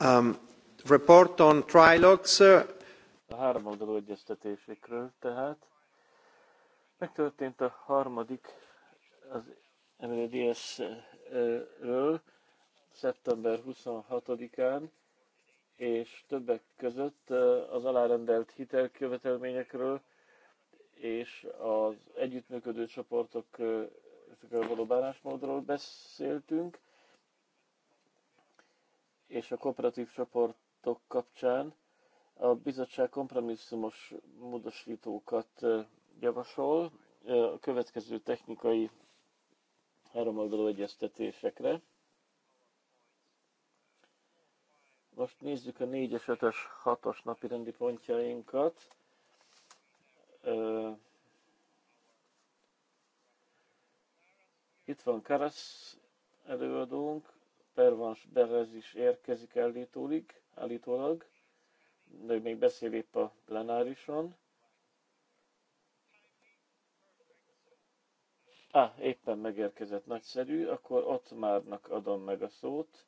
Um, uh, a három oldalú A egyeztetésekről tehát. Megtörtént a harmadik az mds ről szeptember 26-án, és többek között uh, az alárendelt hitelkövetelményekről és az együttműködő csoportok uh, való bánásmódról beszéltünk és a kooperatív csoportok kapcsán a bizottság kompromisszumos módosítókat javasol a következő technikai háromoldalú egyeztetésekre. Most nézzük a 4-es, 5-ös, 6-os napi rendi pontjainkat. Itt van Karasz előadónk, Pervans Berez is érkezik állítólag, állítólag, de még beszél épp a plenárison. Á, ah, éppen megérkezett, nagyszerű, akkor ott márnak adom meg a szót.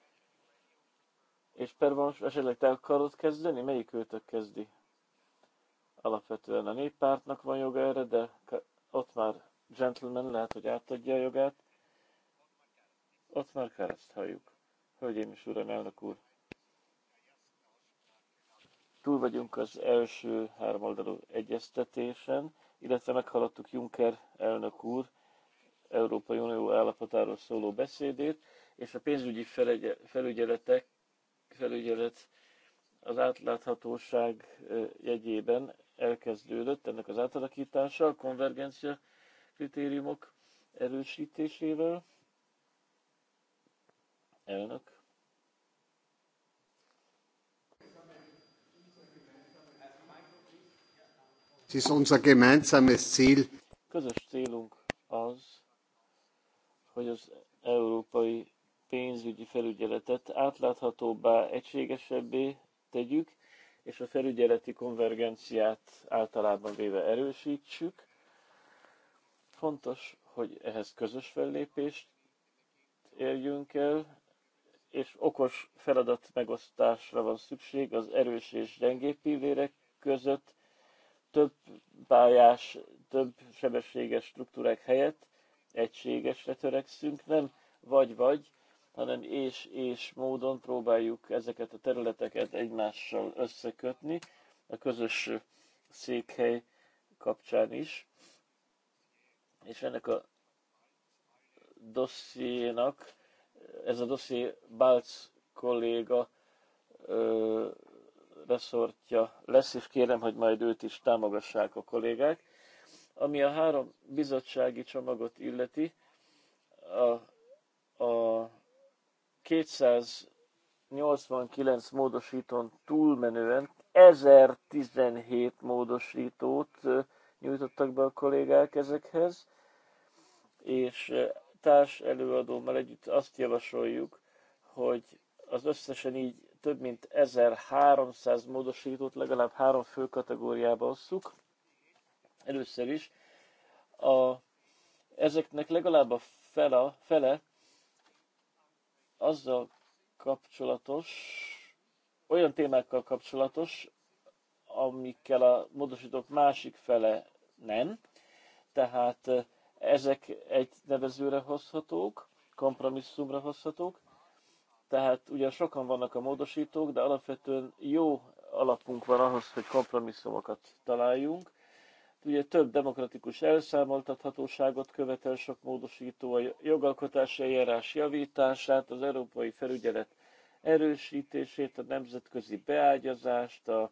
És Pervans, esetleg te akarod kezdeni? Melyik őtök kezdi? Alapvetően a néppártnak van joga erre, de ott már gentleman lehet, hogy átadja a jogát. Ott már kereszt halljuk. Hölgyeim és Uram, elnök úr! Túl vagyunk az első háromoldalú egyeztetésen, illetve meghallottuk Juncker elnök úr Európai Unió állapotáról szóló beszédét, és a pénzügyi felügyeletek, felügyelet az átláthatóság jegyében elkezdődött ennek az átalakítása, a konvergencia kritériumok erősítésével. Elnök. Közös célunk az, hogy az európai pénzügyi felügyeletet átláthatóbbá, egységesebbé tegyük, és a felügyeleti konvergenciát általában véve erősítsük. Fontos, hogy ehhez közös fellépést érjünk el, és okos feladat megosztásra van szükség az erős és gyengébb pillérek között, több pályás, több sebességes struktúrák helyett egységesre törekszünk, nem vagy-vagy, hanem és-és módon próbáljuk ezeket a területeket egymással összekötni, a közös székhely kapcsán is. És ennek a dossziénak, ez a dosszié Balc kolléga ö, reszortja lesz, és kérem, hogy majd őt is támogassák a kollégák. Ami a három bizottsági csomagot illeti, a, a 289 módosítón túlmenően 1017 módosítót nyújtottak be a kollégák ezekhez, és társ előadómmal együtt azt javasoljuk, hogy az összesen így több mint 1300 módosítót legalább három fő kategóriába osszuk. Először is a, ezeknek legalább a fele, fele azzal kapcsolatos, olyan témákkal kapcsolatos, amikkel a módosítók másik fele nem. Tehát eh, ezek egy nevezőre hozhatók, kompromisszumra hozhatók, tehát ugyan sokan vannak a módosítók, de alapvetően jó alapunk van ahhoz, hogy kompromisszumokat találjunk. Ugye több demokratikus elszámoltathatóságot követel sok módosító, a jogalkotási eljárás javítását, az európai felügyelet erősítését, a nemzetközi beágyazást, a,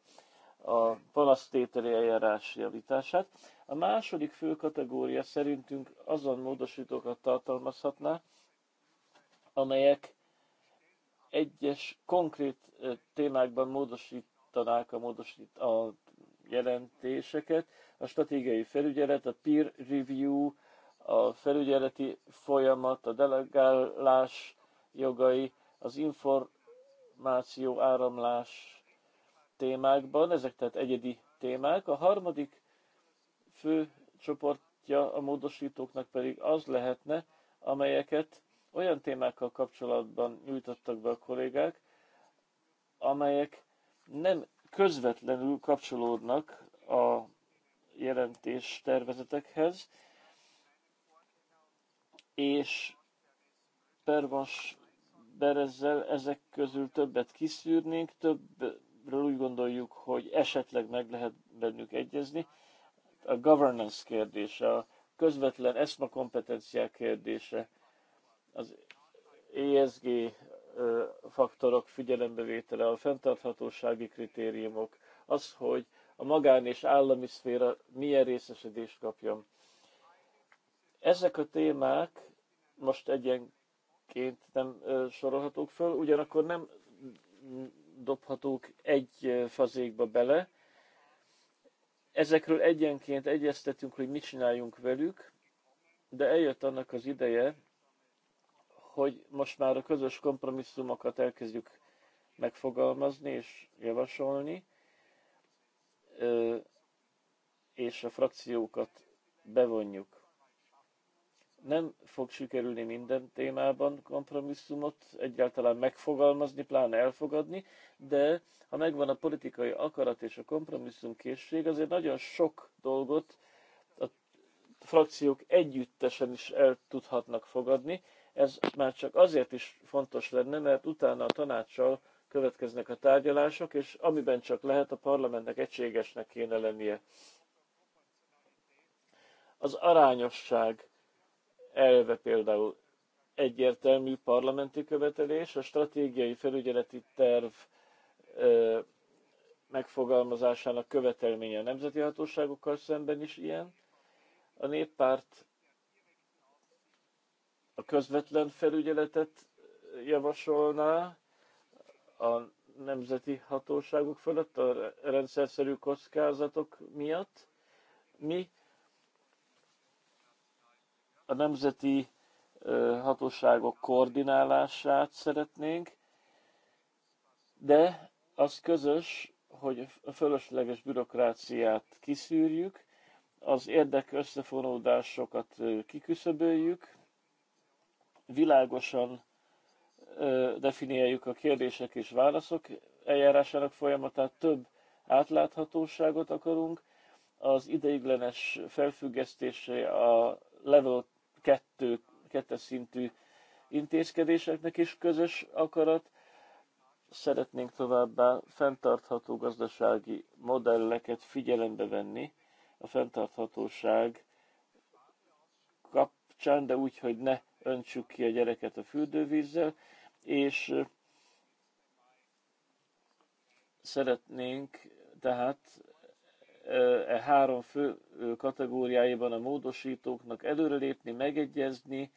a palasztételi eljárás javítását. A második fő kategória szerintünk azon módosítókat tartalmazhatná, amelyek egyes konkrét témákban módosítanák a, módosít, a jelentéseket, a stratégiai felügyelet, a peer review, a felügyeleti folyamat, a delegálás jogai, az információ áramlás témákban, ezek tehát egyedi témák. A harmadik fő csoportja a módosítóknak pedig az lehetne, amelyeket olyan témákkal kapcsolatban nyújtottak be a kollégák, amelyek nem közvetlenül kapcsolódnak a jelentés tervezetekhez, és Pervas Berezzel ezek közül többet kiszűrnénk, többről úgy gondoljuk, hogy esetleg meg lehet bennük egyezni. A governance kérdése, a közvetlen eszma kompetenciák kérdése, az ESG faktorok figyelembevétele, a fenntarthatósági kritériumok, az, hogy a magán és állami szféra milyen részesedést kapjon. Ezek a témák most egyenként nem sorolhatók föl, ugyanakkor nem dobhatók egy fazékba bele. Ezekről egyenként egyeztetünk, hogy mit csináljunk velük, de eljött annak az ideje, hogy most már a közös kompromisszumokat elkezdjük megfogalmazni és javasolni, és a frakciókat bevonjuk. Nem fog sikerülni minden témában kompromisszumot egyáltalán megfogalmazni, pláne elfogadni, de ha megvan a politikai akarat és a kompromisszum készség, azért nagyon sok dolgot a frakciók együttesen is el tudhatnak fogadni, ez már csak azért is fontos lenne, mert utána a tanácssal következnek a tárgyalások, és amiben csak lehet, a parlamentnek egységesnek kéne lennie. Az arányosság elve például egyértelmű parlamenti követelés, a stratégiai felügyeleti terv megfogalmazásának követelménye a nemzeti hatóságokkal szemben is ilyen. A néppárt a közvetlen felügyeletet javasolná a nemzeti hatóságok fölött a rendszerszerű kockázatok miatt. Mi a nemzeti hatóságok koordinálását szeretnénk, de az közös, hogy a fölösleges bürokráciát kiszűrjük, az érdek összefonódásokat kiküszöböljük, világosan definiáljuk a kérdések és válaszok eljárásának folyamatát, több átláthatóságot akarunk, az ideiglenes felfüggesztése a level 2, 2 szintű intézkedéseknek is közös akarat. Szeretnénk továbbá fenntartható gazdasági modelleket figyelembe venni a fenntarthatóság kapcsán, de úgy, hogy ne öntsük ki a gyereket a fürdővízzel, és szeretnénk tehát e három fő kategóriájában a módosítóknak előrelépni, megegyezni,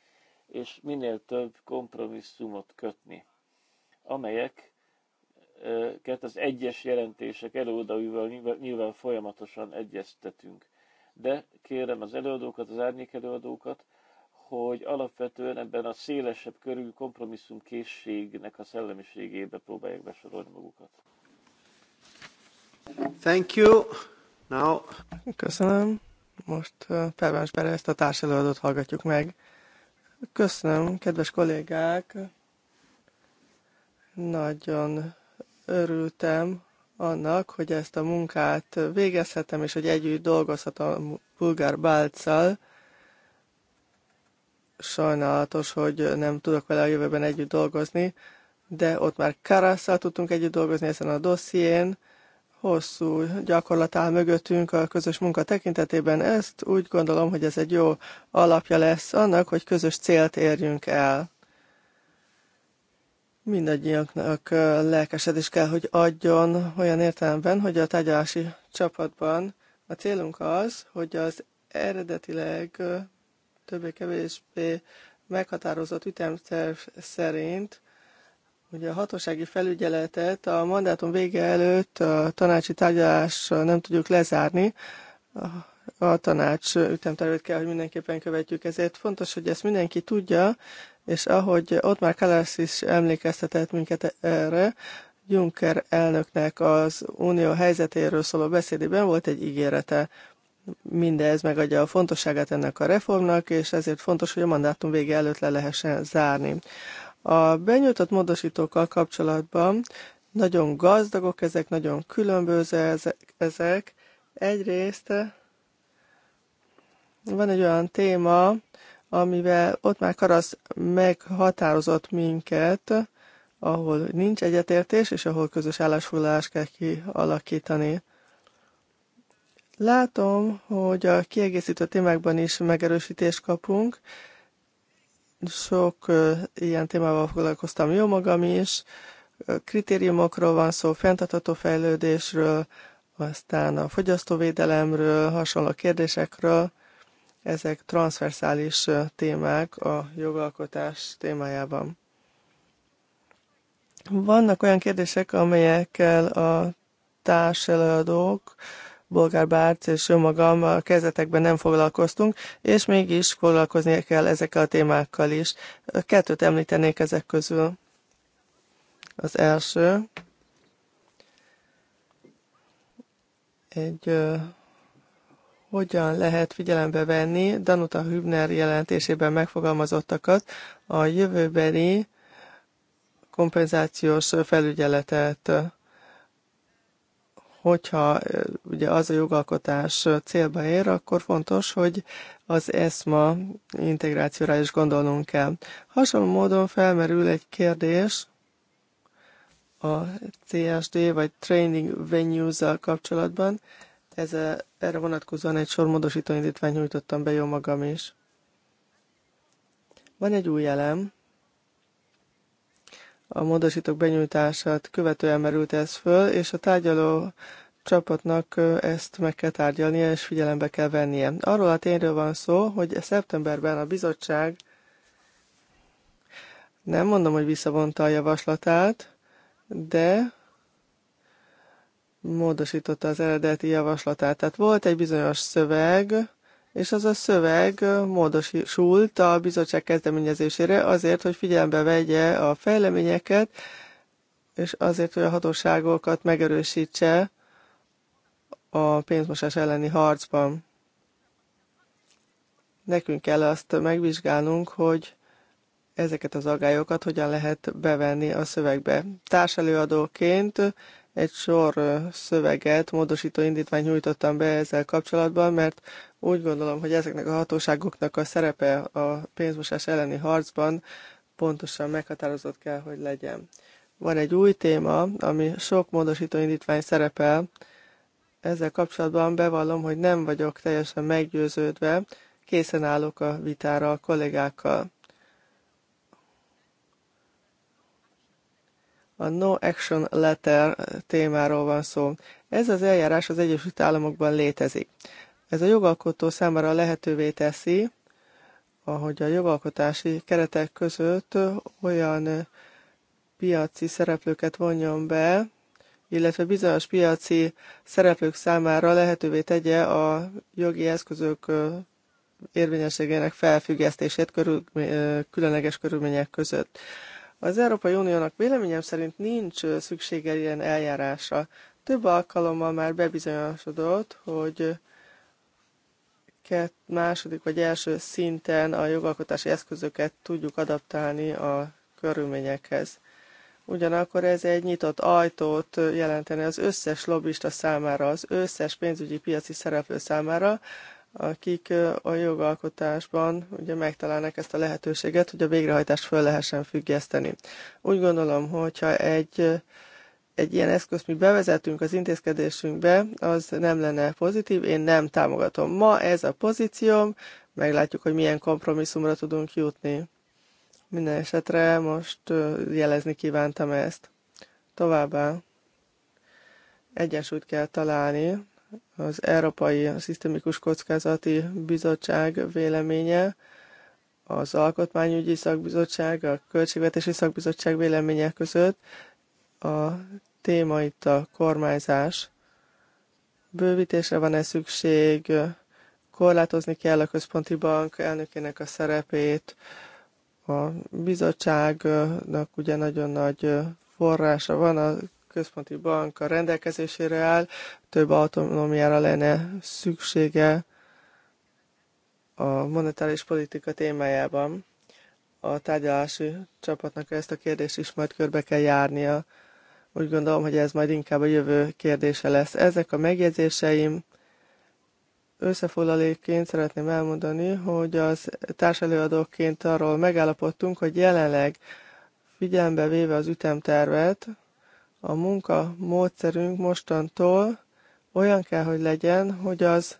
és minél több kompromisszumot kötni, amelyek az egyes jelentések előadóival nyilván folyamatosan egyeztetünk. De kérem az előadókat, az árnyék előadókat, hogy alapvetően ebben a szélesebb körű kompromisszumkészségnek a szellemiségébe próbálják besorolni magukat. Thank you. Now. Köszönöm. Most Pervens ezt a társelőadót hallgatjuk meg. Köszönöm, kedves kollégák. Nagyon örültem annak, hogy ezt a munkát végezhetem, és hogy együtt dolgozhatom Bulgár Bálccal sajnálatos, hogy nem tudok vele a jövőben együtt dolgozni, de ott már Karasszal tudtunk együtt dolgozni ezen a dosszién, hosszú gyakorlat áll mögöttünk a közös munka tekintetében. Ezt úgy gondolom, hogy ez egy jó alapja lesz annak, hogy közös célt érjünk el. Mindannyiunknak lelkesedés kell, hogy adjon olyan értelemben, hogy a tárgyalási csapatban a célunk az, hogy az eredetileg többé-kevésbé meghatározott ütemterv szerint Ugye a hatósági felügyeletet a mandátum vége előtt a tanácsi tárgyalás nem tudjuk lezárni, a tanács ütemtervét kell, hogy mindenképpen követjük. Ezért fontos, hogy ezt mindenki tudja, és ahogy ott már Kalász is emlékeztetett minket erre, Juncker elnöknek az unió helyzetéről szóló beszédében volt egy ígérete. Mindez megadja a fontosságát ennek a reformnak, és ezért fontos, hogy a mandátum vége előtt le lehessen zárni. A benyújtott módosítókkal kapcsolatban nagyon gazdagok ezek, nagyon különböző ezek. Egyrészt van egy olyan téma, amivel ott már Karasz meghatározott minket, ahol nincs egyetértés, és ahol közös állásfoglalást kell kialakítani. Látom, hogy a kiegészítő témákban is megerősítést kapunk. Sok ilyen témával foglalkoztam jó magam is. Kritériumokról van szó, fenntartható fejlődésről, aztán a fogyasztóvédelemről, hasonló kérdésekről. Ezek transversális témák a jogalkotás témájában. Vannak olyan kérdések, amelyekkel a társelőadók, Bolgár Bárc és önmagam a kezdetekben nem foglalkoztunk, és mégis foglalkoznia kell ezekkel a témákkal is. Kettőt említenék ezek közül. Az első egy uh, hogyan lehet figyelembe venni Danuta Hübner jelentésében megfogalmazottakat a jövőbeli kompenzációs felügyeletet hogyha ugye az a jogalkotás célba ér, akkor fontos, hogy az ESMA integrációra is gondolnunk kell. Hasonló módon felmerül egy kérdés a CSD vagy Training Venues-zal kapcsolatban. Ez a, erre vonatkozóan egy sor módosító indítványt nyújtottam be jó magam is. Van egy új elem, a módosítók benyújtását követően merült ez föl, és a tárgyaló csapatnak ezt meg kell tárgyalnia, és figyelembe kell vennie. Arról a tényről van szó, hogy szeptemberben a bizottság nem mondom, hogy visszavonta a javaslatát, de módosította az eredeti javaslatát. Tehát volt egy bizonyos szöveg, és az a szöveg módosult a bizottság kezdeményezésére azért, hogy figyelembe vegye a fejleményeket, és azért, hogy a hatóságokat megerősítse a pénzmosás elleni harcban. Nekünk kell azt megvizsgálnunk, hogy ezeket az agályokat hogyan lehet bevenni a szövegbe. Társelőadóként egy sor szöveget, módosító indítványt nyújtottam be ezzel kapcsolatban, mert úgy gondolom, hogy ezeknek a hatóságoknak a szerepe a pénzmosás elleni harcban pontosan meghatározott kell, hogy legyen. Van egy új téma, ami sok módosító indítvány szerepel. Ezzel kapcsolatban bevallom, hogy nem vagyok teljesen meggyőződve, készen állok a vitára a kollégákkal. A No Action Letter témáról van szó. Ez az eljárás az Egyesült Államokban létezik. Ez a jogalkotó számára lehetővé teszi, ahogy a jogalkotási keretek között olyan piaci szereplőket vonjon be, illetve bizonyos piaci szereplők számára lehetővé tegye a jogi eszközök érvényességének felfüggesztését körül, különleges körülmények között. Az Európai Uniónak véleményem szerint nincs szüksége ilyen eljárásra. Több alkalommal már bebizonyosodott, hogy két második vagy első szinten a jogalkotási eszközöket tudjuk adaptálni a körülményekhez. Ugyanakkor ez egy nyitott ajtót jelentene az összes lobbista számára, az összes pénzügyi piaci szereplő számára, akik a jogalkotásban ugye megtalálnak ezt a lehetőséget, hogy a végrehajtást föl lehessen függeszteni. Úgy gondolom, hogyha egy, egy ilyen eszközt mi bevezetünk az intézkedésünkbe, az nem lenne pozitív, én nem támogatom. Ma ez a pozícióm, meglátjuk, hogy milyen kompromisszumra tudunk jutni. Minden esetre most jelezni kívántam ezt. Továbbá egyensúlyt kell találni az Európai Szisztemikus Kockázati Bizottság véleménye, az Alkotmányügyi Szakbizottság, a Költségvetési Szakbizottság véleménye között a téma itt a kormányzás. Bővítésre van-e szükség, korlátozni kell a központi bank elnökének a szerepét, a bizottságnak ugye nagyon nagy forrása van a központi bank a rendelkezésére áll, több autonómiára lenne szüksége a monetáris politika témájában. A tárgyalási csapatnak ezt a kérdést is majd körbe kell járnia. Úgy gondolom, hogy ez majd inkább a jövő kérdése lesz. Ezek a megjegyzéseim összefoglalékként szeretném elmondani, hogy az társelőadóként arról megállapodtunk, hogy jelenleg figyelembe véve az ütemtervet, a munka módszerünk mostantól olyan kell, hogy legyen, hogy az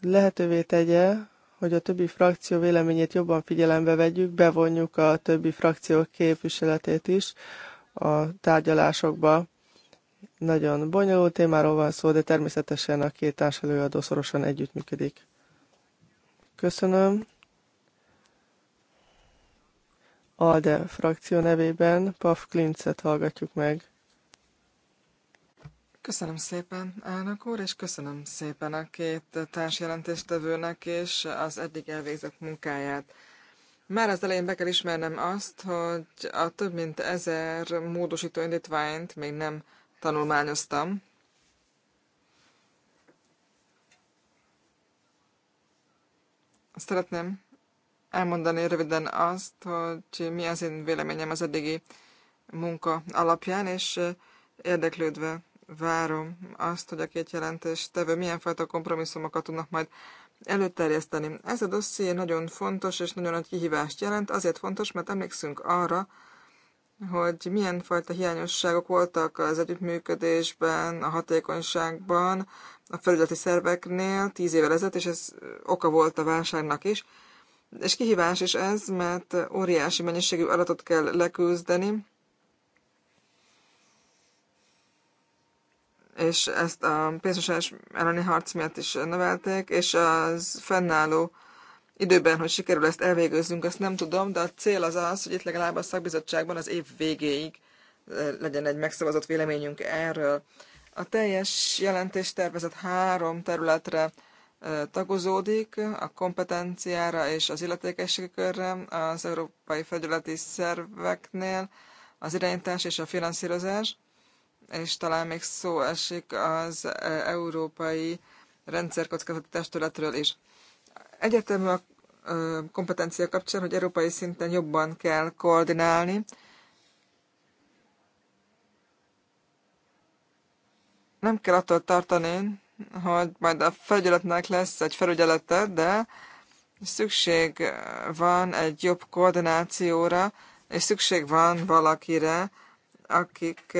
lehetővé tegye, hogy a többi frakció véleményét jobban figyelembe vegyük, bevonjuk a többi frakció képviseletét is a tárgyalásokba. Nagyon bonyolult témáról van szó, de természetesen a két társelőadó szorosan együttműködik. Köszönöm. ALDE frakció nevében Paf Klincet hallgatjuk meg. Köszönöm szépen, elnök úr, és köszönöm szépen a két társjelentéstevőnek és az eddig elvégzett munkáját. Már az elején be kell ismernem azt, hogy a több mint ezer módosító indítványt még nem tanulmányoztam. Szeretném elmondani röviden azt, hogy mi az én véleményem az eddigi munka alapján, és érdeklődve várom azt, hogy a két jelentés tevő milyen fajta kompromisszumokat tudnak majd előterjeszteni. Ez a dosszié nagyon fontos és nagyon nagy kihívást jelent, azért fontos, mert emlékszünk arra, hogy milyen fajta hiányosságok voltak az együttműködésben, a hatékonyságban, a felügyeleti szerveknél tíz évvel ezelőtt, és ez oka volt a válságnak is. És kihívás is ez, mert óriási mennyiségű adatot kell leküzdeni, és ezt a pénzmosás elleni harc miatt is növelték, és az fennálló időben, hogy sikerül ezt elvégezzünk, ezt nem tudom, de a cél az az, hogy itt legalább a szakbizottságban az év végéig eh, legyen egy megszavazott véleményünk erről. A teljes jelentés tervezett három területre eh, tagozódik, a kompetenciára és az illetékesség körre az európai fegyületi szerveknél, az irányítás és a finanszírozás és talán még szó esik az e, európai rendszerkockázatás területről is. Egyetemű a e, kompetencia kapcsán, hogy európai szinten jobban kell koordinálni. Nem kell attól tartani, hogy majd a felügyeletnek lesz egy felügyelete, de szükség van egy jobb koordinációra, és szükség van valakire, akik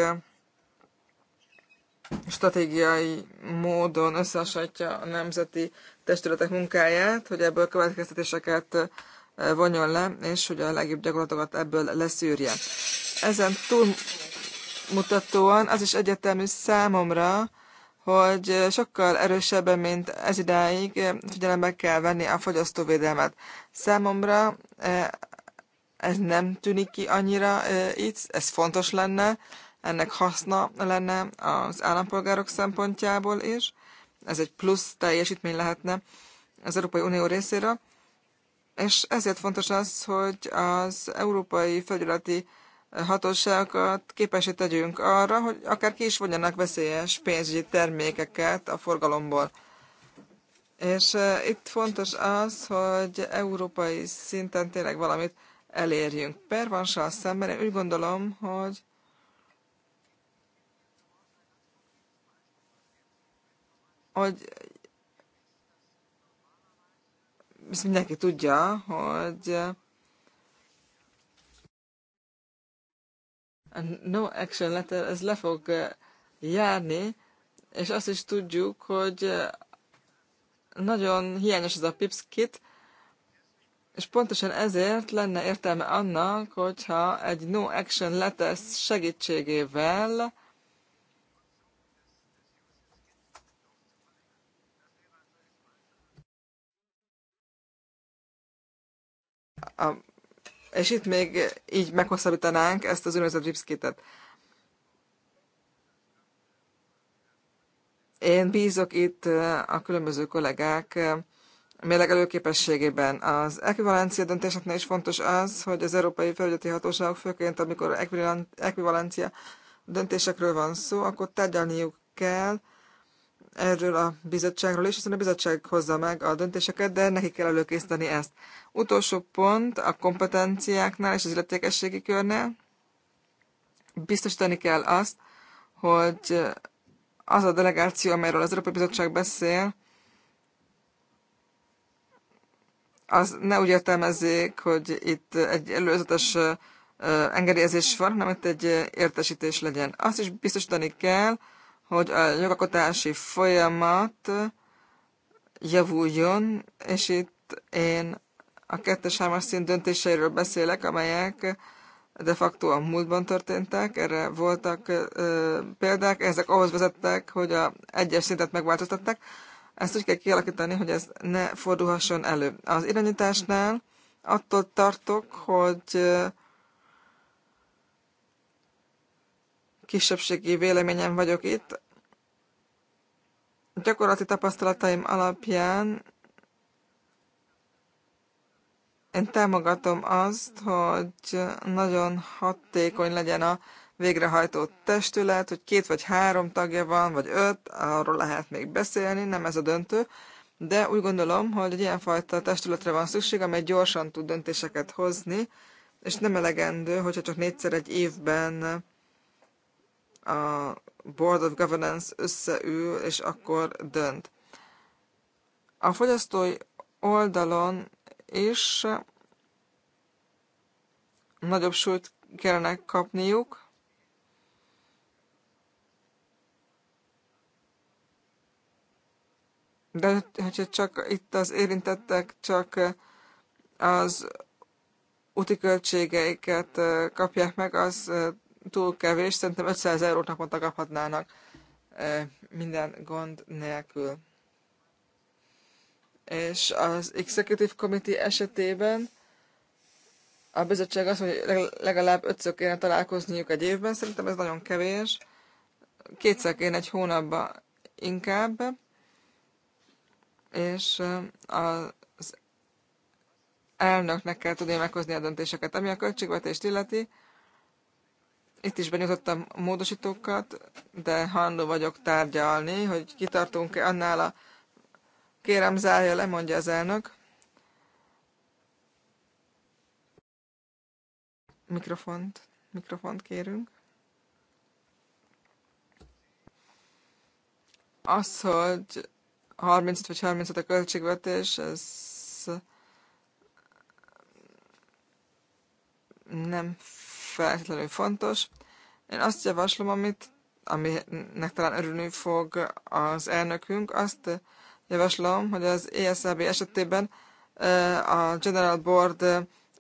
stratégiai módon összehasonlítja a nemzeti testületek munkáját, hogy ebből következtetéseket eh, vonjon le, és hogy a legjobb gyakorlatokat ebből leszűrje. Ezen túlmutatóan az is egyetemű számomra, hogy sokkal erősebben, mint ez idáig figyelembe kell venni a fogyasztóvédelmet. Számomra eh, ez nem tűnik ki annyira itt, eh, ez fontos lenne, ennek haszna lenne az állampolgárok szempontjából is, ez egy plusz teljesítmény lehetne az Európai Unió részéről, és ezért fontos az, hogy az európai felügyeleti hatóságokat képesé tegyünk arra, hogy akár ki is vonjanak veszélyes pénzügyi termékeket a forgalomból. És e, itt fontos az, hogy európai szinten tényleg valamit elérjünk. Pervanssal szemben én úgy gondolom, hogy hogy ezt mindenki tudja, hogy a no action letter, ez le fog járni, és azt is tudjuk, hogy nagyon hiányos ez a PIPS kit, és pontosan ezért lenne értelme annak, hogyha egy no action letter segítségével A, és itt még így meghosszabbítanánk ezt az úgynevezett ripskitet. Én bízok itt a különböző kollégák mérlegelő képességében. Az ekvivalencia döntéseknél is fontos az, hogy az Európai Felügyeti Hatóságok főként, amikor ekvivalencia döntésekről van szó, akkor tárgyalniuk kell erről a bizottságról is, hiszen a bizottság hozza meg a döntéseket, de neki kell előkészíteni ezt. Utolsó pont a kompetenciáknál és az illetékességi körnél. Biztosítani kell azt, hogy az a delegáció, amelyről az Európai Bizottság beszél, az ne úgy értelmezzék, hogy itt egy előzetes engedélyezés van, hanem itt egy értesítés legyen. Azt is biztosítani kell, hogy a jogakotási folyamat javuljon, és itt én a kettes hármas szint döntéseiről beszélek, amelyek de facto a múltban történtek, erre voltak ö, példák, ezek ahhoz vezettek, hogy a egyes szintet megváltoztatták. Ezt úgy kell kialakítani, hogy ez ne fordulhasson elő. Az irányításnál attól tartok, hogy kisebbségi véleményem vagyok itt. Gyakorlati tapasztalataim alapján én támogatom azt, hogy nagyon hatékony legyen a végrehajtó testület, hogy két vagy három tagja van, vagy öt, arról lehet még beszélni, nem ez a döntő, de úgy gondolom, hogy egy ilyenfajta testületre van szükség, amely gyorsan tud döntéseket hozni, és nem elegendő, hogyha csak négyszer egy évben a Board of Governance összeül, és akkor dönt. A fogyasztói oldalon is nagyobb súlyt kellene kapniuk, de hogyha csak itt az érintettek csak az úti költségeiket kapják meg, az túl kevés, szerintem 500 eurót naponta kaphatnának minden gond nélkül. És az Executive Committee esetében a bizottság mondja, hogy legalább ötször kéne találkozniuk egy évben, szerintem ez nagyon kevés. Kétszer kéne egy hónapba inkább, és az elnöknek kell tudni meghozni a döntéseket. Ami a költségvetést illeti, itt is benyújtottam módosítókat, de hajlandó vagyok tárgyalni, hogy kitartunk-e annál a kérem zárja le, mondja az elnök. Mikrofont, mikrofont kérünk. Az, hogy 35 vagy 35 a költségvetés, ez nem feltétlenül fontos. Én azt javaslom, amit, aminek talán örülni fog az elnökünk, azt javaslom, hogy az ESLB esetében a General Board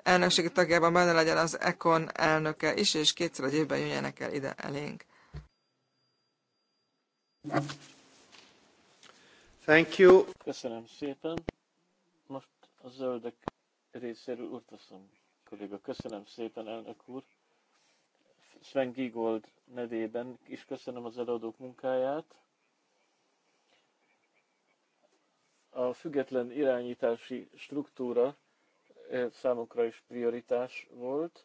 elnökségi tagjában benne legyen az ECON elnöke is, és kétszer egy évben jönjenek el ide elénk. Thank you. Köszönöm szépen. Most a zöldek részéről úrtaszom kolléga. Köszönöm szépen, elnök úr. Sven Gigold nevében is köszönöm az előadók munkáját. A független irányítási struktúra e, számokra is prioritás volt.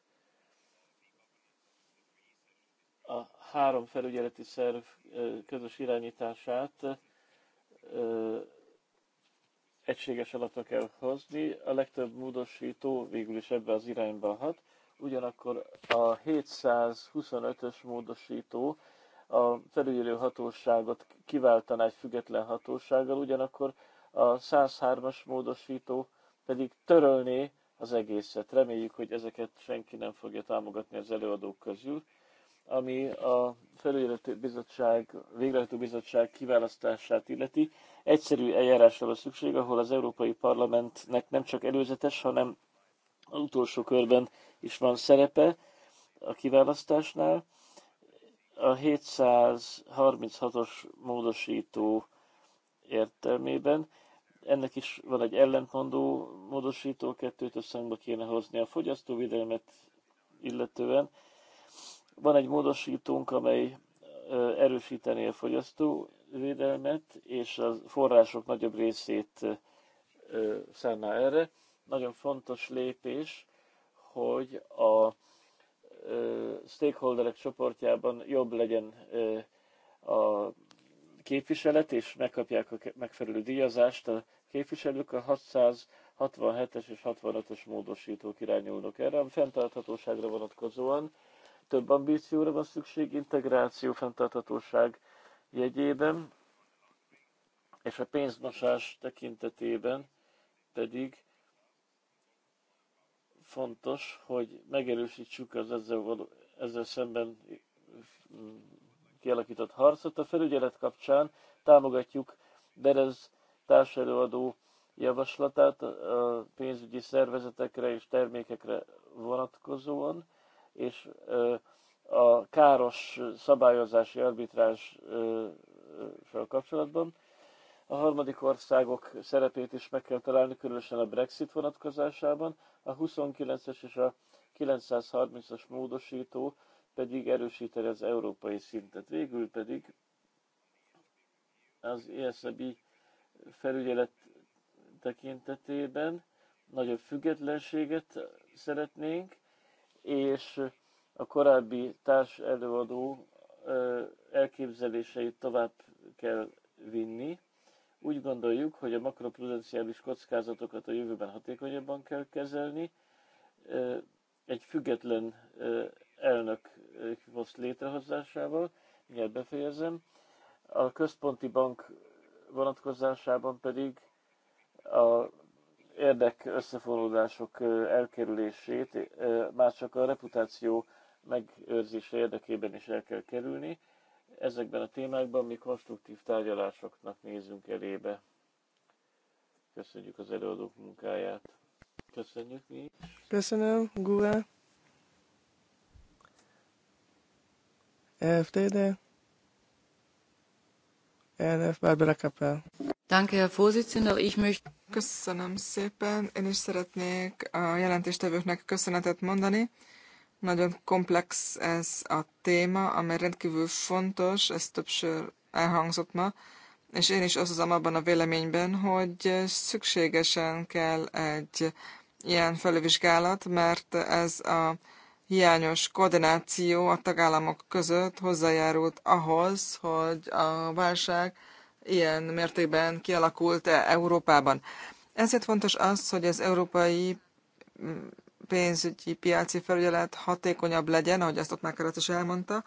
A három felügyeleti szerv e, közös irányítását e, egységes alapra kell hozni. A legtöbb módosító végül is ebbe az irányba hat. Ugyanakkor a 725-ös módosító a felügyelő hatóságot kiváltaná egy független hatósággal, ugyanakkor a 103-as módosító pedig törölné az egészet. Reméljük, hogy ezeket senki nem fogja támogatni az előadók közül. Ami a felügyelő bizottság, végrehajtó bizottság kiválasztását illeti, egyszerű eljárásra van szükség, ahol az Európai Parlamentnek nem csak előzetes, hanem az utolsó körben is van szerepe a kiválasztásnál. A 736-os módosító értelmében ennek is van egy ellentmondó módosító, kettőt összhangba kéne hozni a fogyasztóvédelmet illetően. Van egy módosítónk, amely erősíteni a fogyasztóvédelmet, és a források nagyobb részét szánná erre nagyon fontos lépés, hogy a stakeholderek csoportjában jobb legyen a képviselet, és megkapják a megfelelő díjazást a képviselők. A 667-es és 65-ös módosítók irányulnak erre. A fenntarthatóságra vonatkozóan több ambícióra van szükség, integráció, fenntarthatóság jegyében, és a pénzmosás tekintetében pedig fontos, hogy megerősítsük az ezzel, való, ezzel szemben mm, kialakított harcot. A felügyelet kapcsán támogatjuk Berez társelőadó javaslatát a pénzügyi szervezetekre és termékekre vonatkozóan, és a káros szabályozási arbitrással kapcsolatban. A harmadik országok szerepét is meg kell találni, különösen a Brexit vonatkozásában. A 29-es és a 930-as módosító pedig erősíteni az európai szintet. Végül pedig az ESB felügyelet tekintetében nagyobb függetlenséget szeretnénk, és a korábbi társ előadó elképzeléseit tovább kell vinni. Úgy gondoljuk, hogy a makroprudenciális kockázatokat a jövőben hatékonyabban kell kezelni. Egy független elnök most létrehozásával, mindjárt befejezem. A központi bank vonatkozásában pedig a érdek összefonódások elkerülését már csak a reputáció megőrzése érdekében is el kell kerülni. Ezekben a témákban mi konstruktív tárgyalásoknak nézünk elébe. Köszönjük az előadók munkáját. Köszönjük mi is. Köszönöm, Google. EFTD. ELF Barbara Kappel. Danke, Herr Vorsitzender. Ich möchte... Köszönöm szépen. Én is szeretnék a jelentéstevőknek köszönetet mondani. Nagyon komplex ez a téma, amely rendkívül fontos, ez többször elhangzott ma, és én is azt abban a véleményben, hogy szükségesen kell egy ilyen felvizsgálat, mert ez a hiányos koordináció a tagállamok között hozzájárult ahhoz, hogy a válság ilyen mértékben kialakult -e Európában. Ezért fontos az, hogy az európai pénzügyi piaci felügyelet hatékonyabb legyen, ahogy azt ott már is elmondta,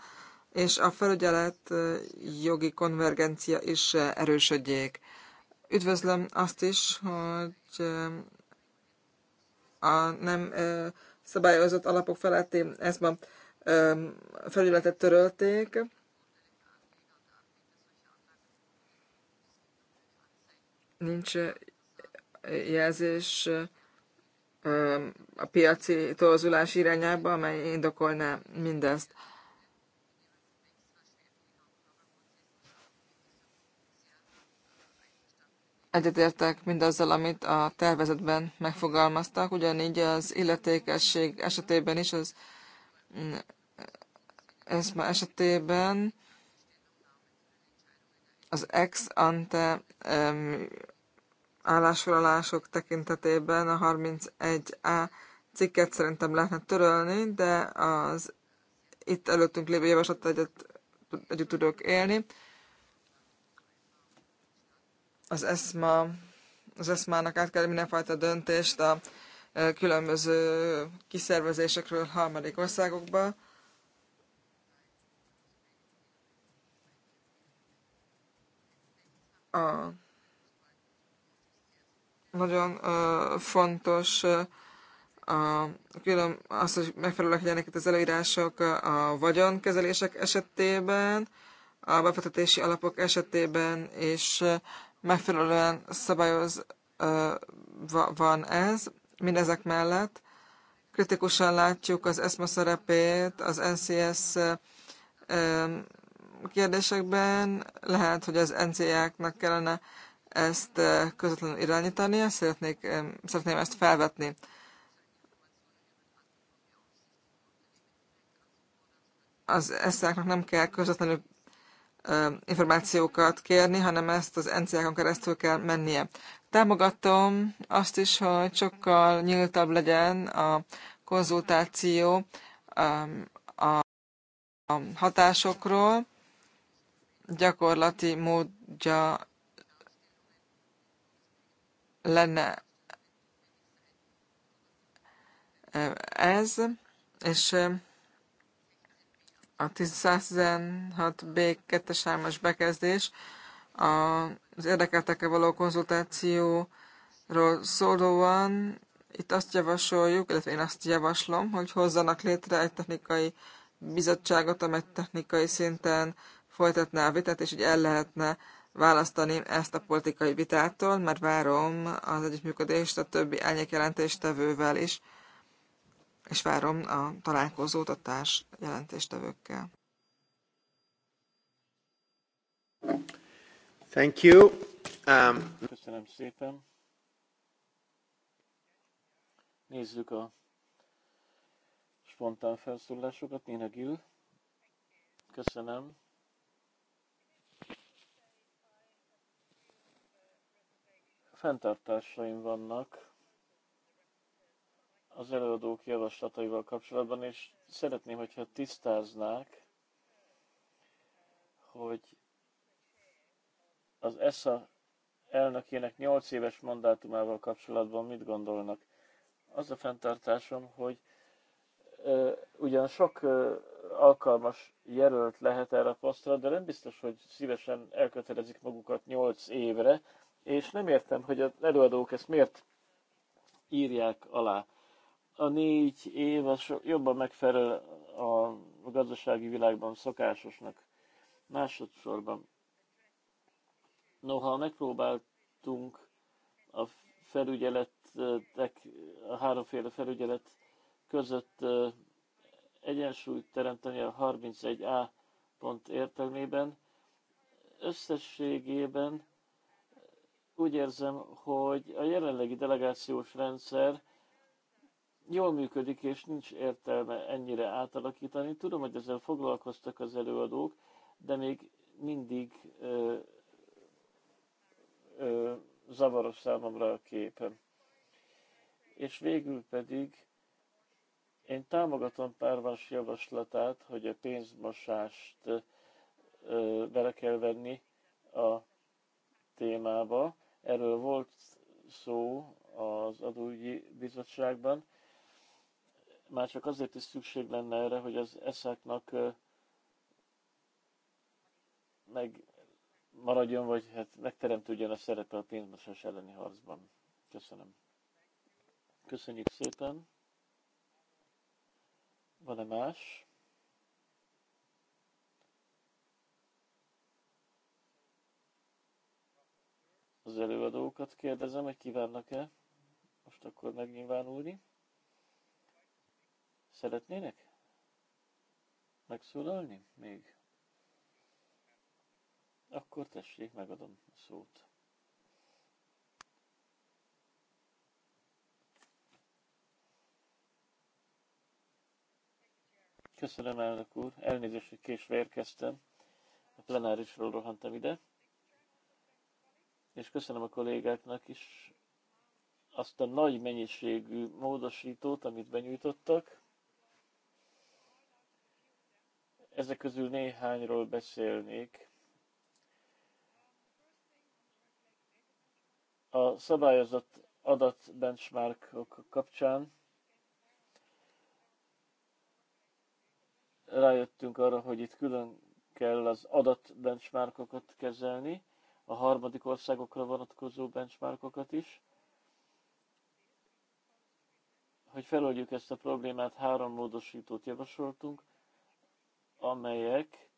és a felügyelet jogi konvergencia is erősödjék. Üdvözlöm azt is, hogy a nem szabályozott alapok feletti ezt ma felületet törölték. Nincs jelzés a piaci torzulás irányába, amely indokolná mindezt. Egyetértek mindazzal, amit a tervezetben megfogalmaztak, ugyanígy az illetékesség esetében is, az mm, ma esetében az ex ante állásfoglalások tekintetében a 31A cikket szerintem lehetne törölni, de az itt előttünk lévő javaslat egyet, együtt tudok élni. Az ESMA, az ESMA-nak át kell mindenfajta döntést a különböző kiszervezésekről harmadik országokba. A nagyon uh, fontos uh, a, külön, az, hogy megfelelőek legyenek itt az előírások a vagyonkezelések esetében, a befektetési alapok esetében, és megfelelően szabályozva van ez. Mindezek mellett kritikusan látjuk az ESMA szerepét az NCS kérdésekben. Lehet, hogy az NCA-knak kellene ezt közvetlenül irányítani, szeretnék, szeretném ezt felvetni. Az eszáknak nem kell közvetlenül információkat kérni, hanem ezt az NCA-kon keresztül kell mennie. Támogatom azt is, hogy sokkal nyíltabb legyen a konzultáció a hatásokról, gyakorlati módja lenne ez, és a 116b 2 as bekezdés az érdekeltekkel való konzultációról szólóan itt azt javasoljuk, illetve én azt javaslom, hogy hozzanak létre egy technikai bizottságot, amely technikai szinten folytatná a vitát, és így el lehetne választani ezt a politikai vitától, mert várom az együttműködést a többi elnyékjelentéstevővel is, és várom a találkozót a társ jelentéstevőkkel. Thank you. Um... Köszönöm szépen. Nézzük a spontán felszólásokat. Nina Gill. Köszönöm. Fenntartásaim vannak az előadók javaslataival kapcsolatban, és szeretném, hogyha tisztáznák, hogy az ESA elnökének 8 éves mandátumával kapcsolatban mit gondolnak. Az a fenntartásom, hogy ö, ugyan sok ö, alkalmas jelölt lehet erre a posztra, de nem biztos, hogy szívesen elkötelezik magukat 8 évre, és nem értem, hogy az előadók ezt miért írják alá. A négy év az jobban megfelel a gazdasági világban szokásosnak. Másodszorban, noha megpróbáltunk a felügyeletek, a háromféle felügyelet között egyensúlyt teremteni a 31A pont értelmében, összességében úgy érzem, hogy a jelenlegi delegációs rendszer jól működik, és nincs értelme ennyire átalakítani. Tudom, hogy ezzel foglalkoztak az előadók, de még mindig ö, ö, zavaros számomra a képen. És végül pedig én támogatom Párvás javaslatát, hogy a pénzmosást ö, bele kell venni a témába, Erről volt szó az adóügyi bizottságban. Már csak azért is szükség lenne erre, hogy az eszáknak meg maradjon, vagy hát megteremtődjön a szerepe a pénzmosás elleni harcban. Köszönöm. Köszönjük szépen. Van-e más? Az előadókat kérdezem, hogy kívánnak-e most akkor megnyilvánulni. Szeretnének megszólalni még? Akkor tessék, megadom a szót. Köszönöm, elnök úr. Elnézést, hogy késve érkeztem. A plenárisról rohantam ide és köszönöm a kollégáknak is azt a nagy mennyiségű módosítót, amit benyújtottak. Ezek közül néhányról beszélnék. A szabályozott adat benchmarkok kapcsán rájöttünk arra, hogy itt külön kell az adat benchmarkokat kezelni, a harmadik országokra vonatkozó benchmarkokat is. Hogy feloldjuk ezt a problémát, három módosítót javasoltunk, amelyek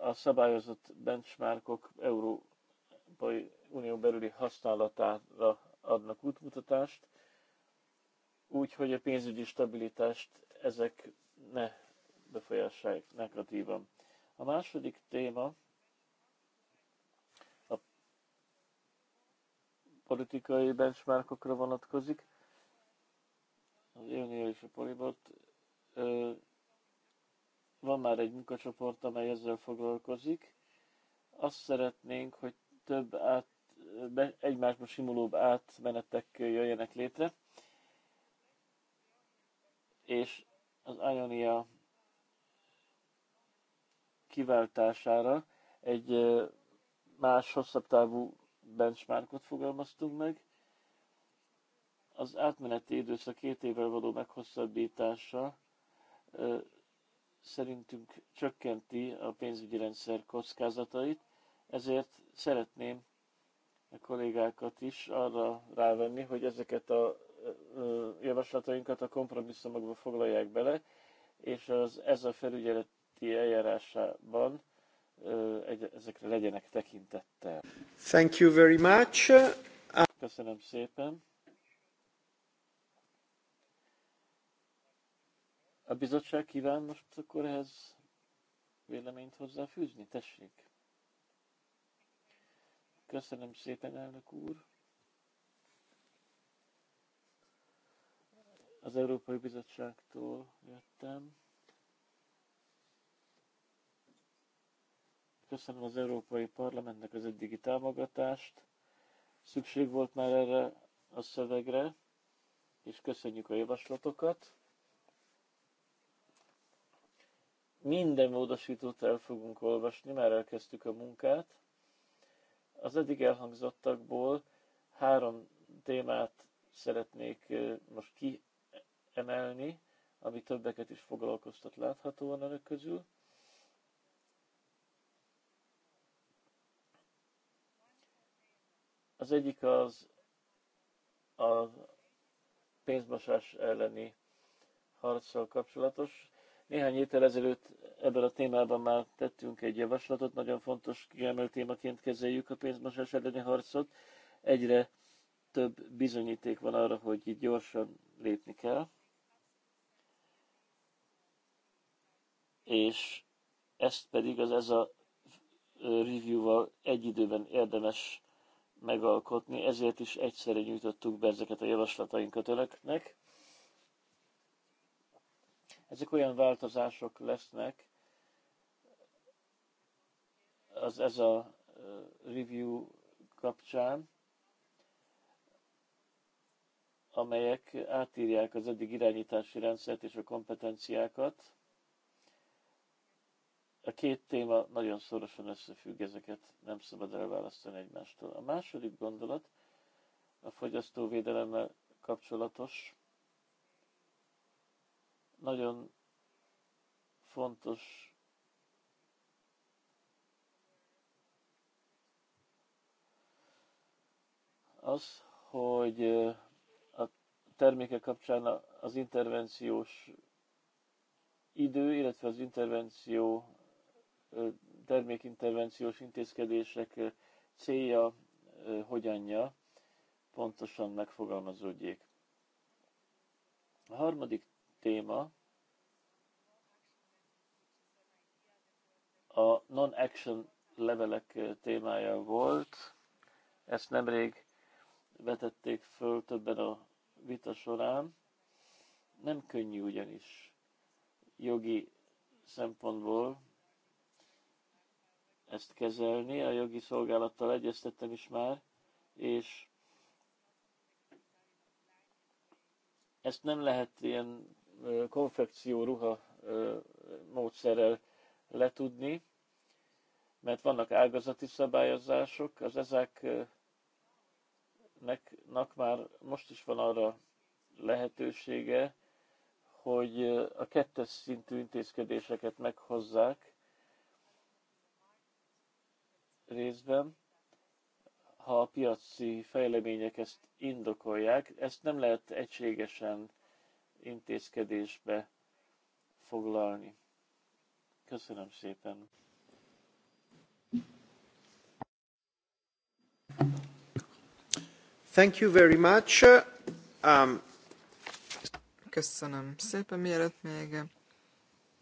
a szabályozott benchmarkok Európai Unió belüli használatára adnak útmutatást, úgy, hogy a pénzügyi stabilitást ezek ne befolyásolják negatívan. A második téma politikai benchmarkokra vonatkozik. Az Eunél és a Polibot van már egy munkacsoport, amely ezzel foglalkozik. Azt szeretnénk, hogy több át, egymásba simulóbb átmenetek jöjjenek létre, és az Ionia kiváltására egy más hosszabb távú benchmarkot fogalmaztunk meg. Az átmeneti időszak két évvel való meghosszabbítása szerintünk csökkenti a pénzügyi rendszer kockázatait, ezért szeretném a kollégákat is arra rávenni, hogy ezeket a javaslatainkat a kompromisszumokba foglalják bele, és az ez a felügyeleti eljárásában ezekre legyenek tekintettel. Thank you very much. Köszönöm szépen. A bizottság kíván most akkor ehhez véleményt hozzáfűzni? Tessék. Köszönöm szépen, elnök úr. Az Európai Bizottságtól jöttem. Köszönöm az Európai Parlamentnek az eddigi támogatást. Szükség volt már erre a szövegre, és köszönjük a javaslatokat. Minden módosítót el fogunk olvasni, már elkezdtük a munkát. Az eddig elhangzottakból három témát szeretnék most kiemelni, ami többeket is foglalkoztat láthatóan önök közül. Az egyik az a pénzmosás elleni harccal kapcsolatos. Néhány héttel ezelőtt ebben a témában már tettünk egy javaslatot, nagyon fontos kiemelt témaként kezeljük a pénzmosás elleni harcot. Egyre több bizonyíték van arra, hogy itt gyorsan lépni kell. És ezt pedig az ez a review-val egy időben érdemes megalkotni, ezért is egyszerre nyújtottuk be ezeket a javaslatainkat önöknek. Ezek olyan változások lesznek, az ez a review kapcsán, amelyek átírják az eddig irányítási rendszert és a kompetenciákat, a két téma nagyon szorosan összefügg, ezeket nem szabad elválasztani egymástól. A második gondolat a fogyasztóvédelemmel kapcsolatos. Nagyon fontos az, hogy a termékek kapcsán az intervenciós idő, illetve az intervenció termékintervenciós intézkedések célja, hogyanja pontosan megfogalmazódjék. A harmadik téma a non-action levelek témája volt. Ezt nemrég vetették föl többen a vita során. Nem könnyű ugyanis jogi szempontból ezt kezelni, a jogi szolgálattal egyeztettem is már, és ezt nem lehet ilyen konfekció ruha módszerrel letudni, mert vannak ágazati szabályozások, az ezáknak már most is van arra lehetősége, hogy a kettes szintű intézkedéseket meghozzák, részben, ha a piaci fejlemények ezt indokolják, ezt nem lehet egységesen intézkedésbe foglalni. Köszönöm szépen! Thank you very much. Um... Köszönöm szépen, mielőtt még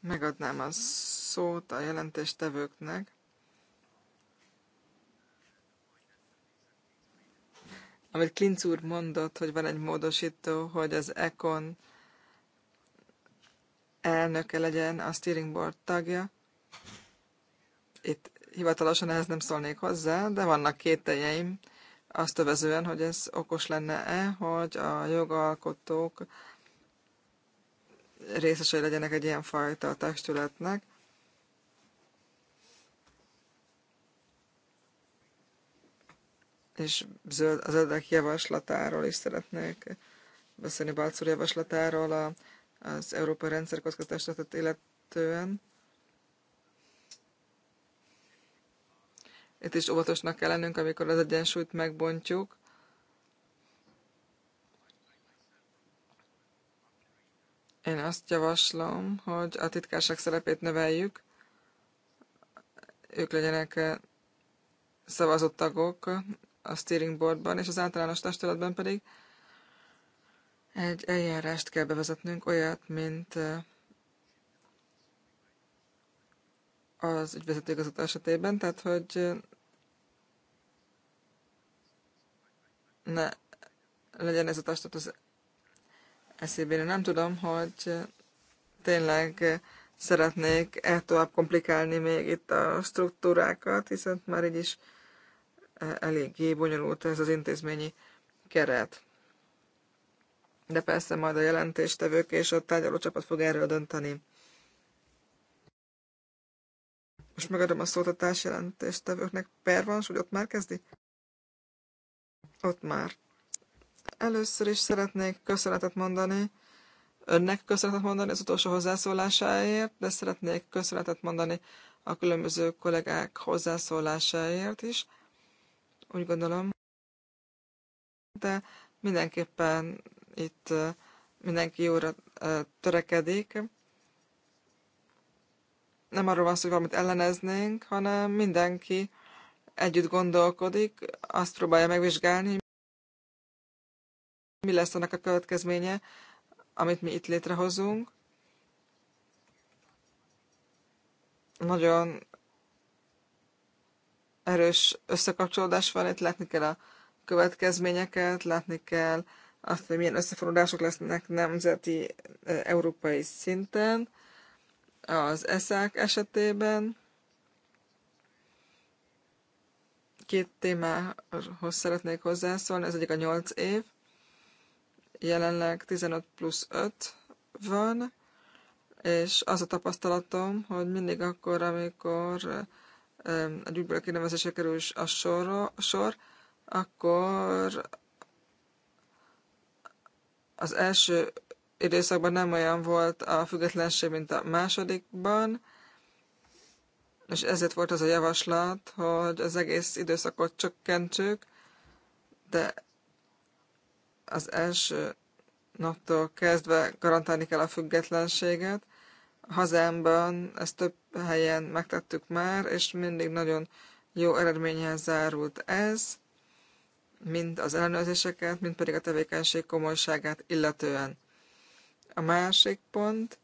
megadnám a szót a jelentéstevőknek. amit Klinc úr mondott, hogy van egy módosító, hogy az Econ elnöke legyen a steering board tagja. Itt hivatalosan ehhez nem szólnék hozzá, de vannak két tejeim, azt övezően, hogy ez okos lenne-e, hogy a jogalkotók részesei legyenek egy ilyenfajta testületnek. és zöld, a zöldek javaslatáról is szeretnék beszélni Balcúr javaslatáról a, az Európai Rendszer kockáztatást illetően. Itt is óvatosnak kell lennünk, amikor az egyensúlyt megbontjuk. Én azt javaslom, hogy a titkárság szerepét növeljük, ők legyenek szavazott tagok a steering boardban, és az általános testületben pedig egy eljárást kell bevezetnünk, olyat, mint az ügyvezetőigazgató esetében, tehát hogy ne legyen ez a testet az eszébére. Nem tudom, hogy tényleg szeretnék el tovább komplikálni még itt a struktúrákat, hiszen már így is E, eléggé bonyolult ez az intézményi keret. De persze majd a jelentéstevők és a csapat fog erről dönteni. Most megadom a szót a társjelentéstevőknek. van, hogy ott már kezdi? Ott már. Először is szeretnék köszönetet mondani önnek köszönetet mondani az utolsó hozzászólásáért, de szeretnék köszönetet mondani a különböző kollégák hozzászólásáért is úgy gondolom, de mindenképpen itt mindenki jóra törekedik. Nem arról van szó, hogy valamit elleneznénk, hanem mindenki együtt gondolkodik, azt próbálja megvizsgálni, mi lesz annak a következménye, amit mi itt létrehozunk. Nagyon erős összekapcsolódás van, itt látni kell a következményeket, látni kell azt, hogy milyen összefonódások lesznek nemzeti, európai szinten, az eszák esetében. Két témához szeretnék hozzászólni, ez egyik a 8 év, jelenleg 15 plusz 5 van, és az a tapasztalatom, hogy mindig akkor, amikor egy ügyből kinevezése kerül a sorra, sor, akkor az első időszakban nem olyan volt a függetlenség, mint a másodikban, és ezért volt az a javaslat, hogy az egész időszakot csökkentsük, de az első naptól kezdve garantálni kell a függetlenséget, Hazámban ezt több helyen megtettük már, és mindig nagyon jó eredményhez zárult ez, mind az ellenőrzéseket, mind pedig a tevékenység komolyságát illetően. A másik pont,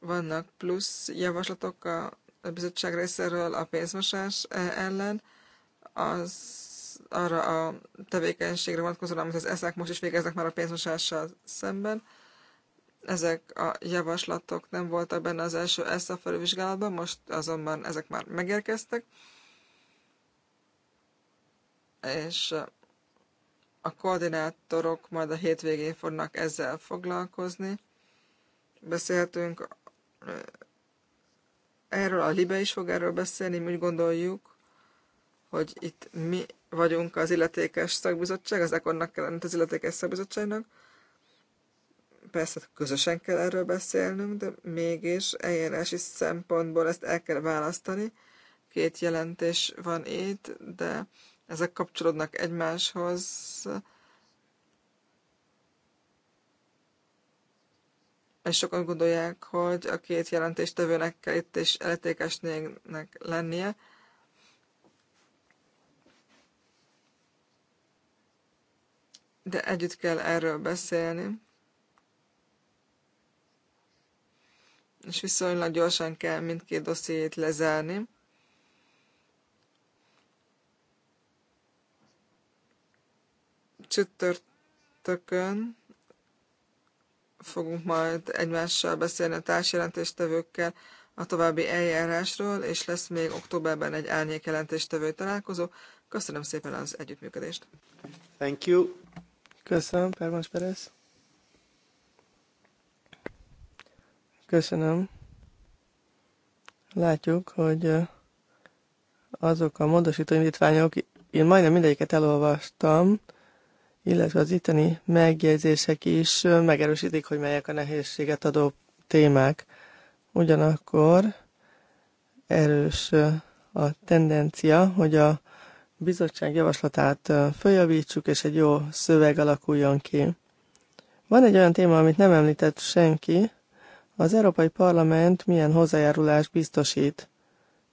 vannak plusz javaslatok a bizottság részéről a pénzmosás e, ellen, az arra a tevékenységre vonatkozóan, amit az eszek most is végeznek már a pénzmosással szemben ezek a javaslatok nem voltak benne az első ESZA felülvizsgálatban, most azonban ezek már megérkeztek, és a koordinátorok majd a hétvégén fognak ezzel foglalkozni. Beszélhetünk erről, a Libe is fog erről beszélni, mi úgy gondoljuk, hogy itt mi vagyunk az illetékes szakbizottság, az ekonnak kellene az illetékes szakbizottságnak, persze közösen kell erről beszélnünk, de mégis eljárási szempontból ezt el kell választani. Két jelentés van itt, de ezek kapcsolódnak egymáshoz. És sokan gondolják, hogy a két jelentéstevőnek kell itt is eletékesnének lennie. De együtt kell erről beszélni. és viszonylag gyorsan kell mindkét dossziét lezárni. Csütörtökön fogunk majd egymással beszélni a társjelentéstevőkkel a további eljárásról, és lesz még októberben egy árnyékjelentéstevő találkozó. Köszönöm szépen az együttműködést. Thank you. Köszönöm, Pervans Perez. Köszönöm. Látjuk, hogy azok a módosító indítványok, én majdnem mindegyiket elolvastam, illetve az itteni megjegyzések is megerősítik, hogy melyek a nehézséget adó témák. Ugyanakkor erős a tendencia, hogy a bizottság javaslatát följavítsuk, és egy jó szöveg alakuljon ki. Van egy olyan téma, amit nem említett senki, az Európai Parlament milyen hozzájárulást biztosít?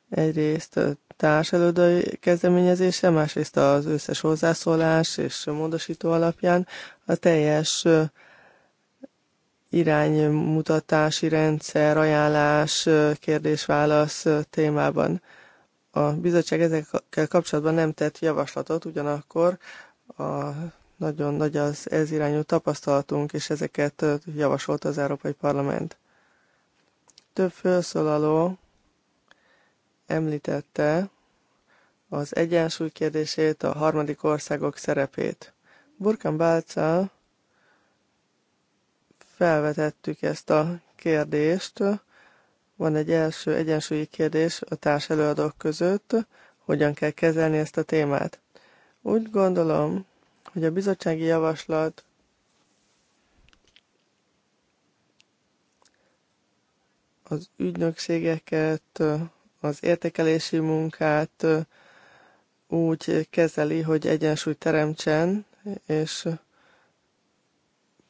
Egyrészt társelődői kezdeményezése, másrészt az összes hozzászólás és módosító alapján a teljes iránymutatási rendszer, ajánlás, kérdés-válasz témában. A bizottság ezekkel kapcsolatban nem tett javaslatot, ugyanakkor a nagyon nagy az ez irányú tapasztalatunk, és ezeket javasolt az Európai Parlament. Több felszólaló említette az egyensúly kérdését, a harmadik országok szerepét. Burkan Bálca felvetettük ezt a kérdést. Van egy első egyensúlyi kérdés a társelőadók között, hogyan kell kezelni ezt a témát. Úgy gondolom, hogy a bizottsági javaslat az ügynökségeket, az értékelési munkát úgy kezeli, hogy egyensúly teremtsen, és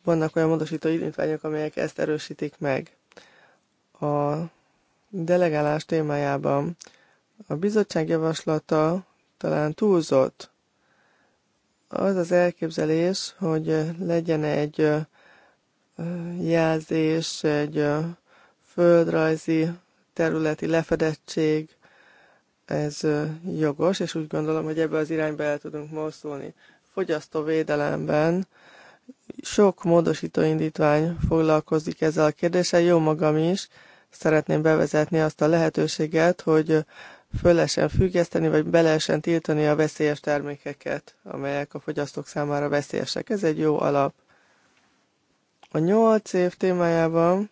vannak olyan módosító indítványok, amelyek ezt erősítik meg. A delegálás témájában a bizottság javaslata talán túlzott. Az az elképzelés, hogy legyen egy jelzés, egy földrajzi területi lefedettség, ez jogos, és úgy gondolom, hogy ebbe az irányba el tudunk mozdulni. Fogyasztóvédelemben sok módosító indítvány foglalkozik ezzel a kérdéssel, jó magam is, szeretném bevezetni azt a lehetőséget, hogy föl lehessen függeszteni, vagy be lehessen tiltani a veszélyes termékeket, amelyek a fogyasztók számára veszélyesek. Ez egy jó alap. A nyolc év témájában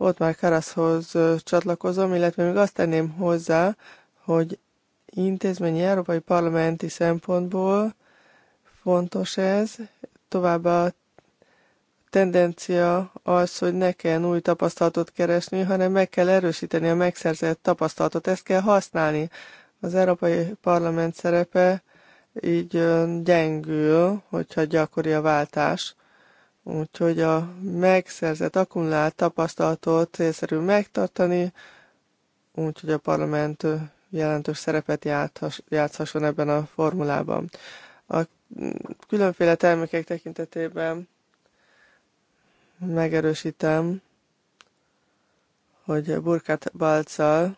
ott már Karaszhoz csatlakozom, illetve még azt tenném hozzá, hogy intézményi európai parlamenti szempontból fontos ez, továbbá tendencia az, hogy ne kell új tapasztalatot keresni, hanem meg kell erősíteni a megszerzett tapasztalatot, ezt kell használni. Az Európai Parlament szerepe így gyengül, hogyha gyakori a váltás. Úgyhogy a megszerzett, akkumulált tapasztalatot célszerű megtartani, úgyhogy a parlament jelentős szerepet játszhasson ebben a formulában. A különféle termékek tekintetében megerősítem, hogy Burkát Balccal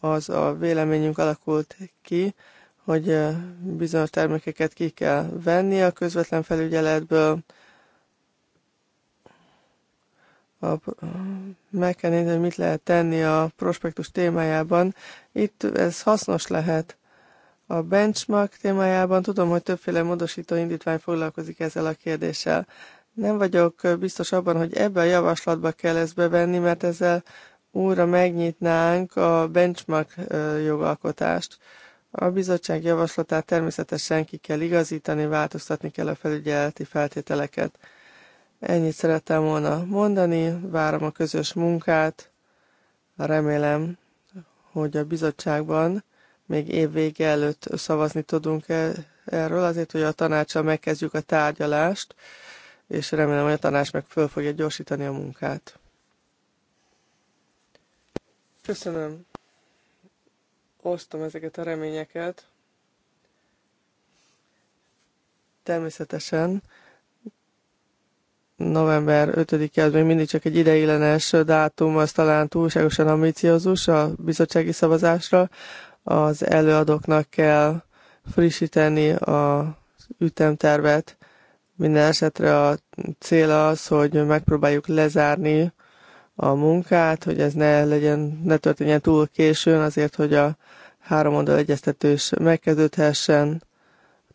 az a véleményünk alakult ki, hogy bizonyos termékeket ki kell venni a közvetlen felügyeletből, a, meg kell nézni, hogy mit lehet tenni a prospektus témájában. Itt ez hasznos lehet. A benchmark témájában tudom, hogy többféle módosító indítvány foglalkozik ezzel a kérdéssel. Nem vagyok biztos abban, hogy ebbe a javaslatba kell ezt bevenni, mert ezzel újra megnyitnánk a benchmark jogalkotást. A bizottság javaslatát természetesen ki kell igazítani, változtatni kell a felügyeleti feltételeket. Ennyit szerettem volna mondani, várom a közös munkát, remélem, hogy a bizottságban még évvége előtt szavazni tudunk e- erről, azért, hogy a tanácsa megkezdjük a tárgyalást, és remélem, hogy a tanács meg föl fogja gyorsítani a munkát. Köszönöm. Osztom ezeket a reményeket. Természetesen november 5-e az még mindig csak egy ideiglenes dátum, az talán túlságosan ambiciózus a bizottsági szavazásra. Az előadóknak kell frissíteni a ütemtervet. Minden esetre a cél az, hogy megpróbáljuk lezárni a munkát, hogy ez ne legyen, ne történjen túl későn, azért, hogy a három oldal egyeztetős megkezdődhessen.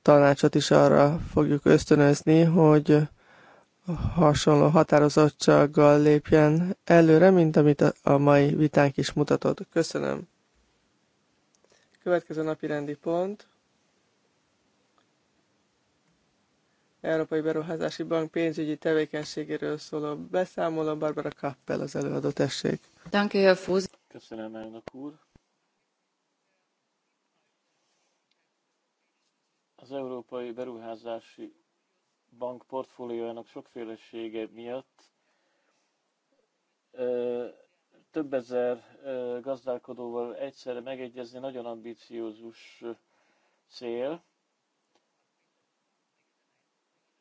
tanácsot is arra fogjuk ösztönözni, hogy hasonló határozottsággal lépjen előre, mint amit a mai vitánk is mutatott. Köszönöm. Következő napi rendi pont. Európai Beruházási Bank pénzügyi tevékenységéről szóló beszámoló. Barbara Kappel az előadó, tessék. Köszönöm, elnök úr. Az Európai Beruházási bank portfóliójának sokfélesége miatt több ezer gazdálkodóval egyszerre megegyezni nagyon ambiciózus cél,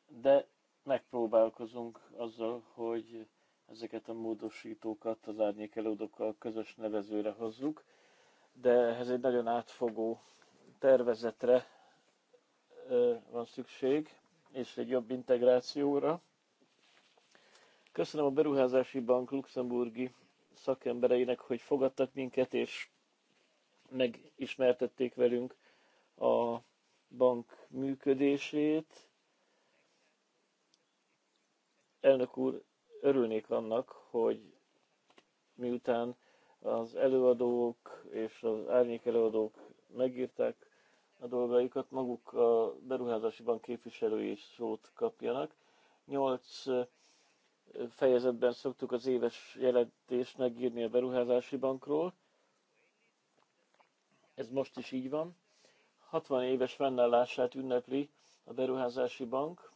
de megpróbálkozunk azzal, hogy ezeket a módosítókat az árnyékelődokkal közös nevezőre hozzuk, de ehhez egy nagyon átfogó tervezetre van szükség és egy jobb integrációra. Köszönöm a Beruházási Bank luxemburgi szakembereinek, hogy fogadtak minket, és megismertették velünk a bank működését. Elnök úr, örülnék annak, hogy miután az előadók és az árnyék előadók megírták a dolgaikat, maguk a beruházási bank képviselői is szót kapjanak. Nyolc fejezetben szoktuk az éves jelentést megírni a beruházási bankról. Ez most is így van. 60 éves fennállását ünnepli a beruházási bank,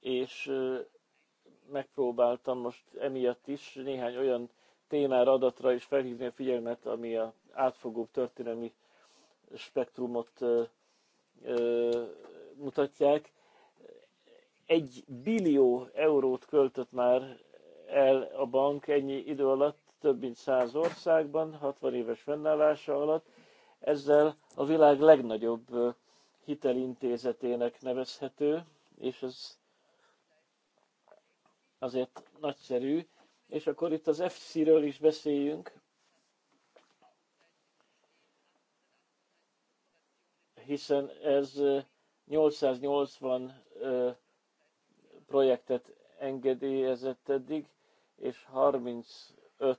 és megpróbáltam most emiatt is néhány olyan témára, adatra is felhívni a figyelmet, ami a átfogóbb történelmi spektrumot ö, ö, mutatják. Egy billió eurót költött már el a bank ennyi idő alatt, több mint száz országban, 60 éves fennállása alatt. Ezzel a világ legnagyobb hitelintézetének nevezhető, és ez azért nagyszerű. És akkor itt az FC-ről is beszéljünk, hiszen ez 880 projektet engedélyezett eddig, és 35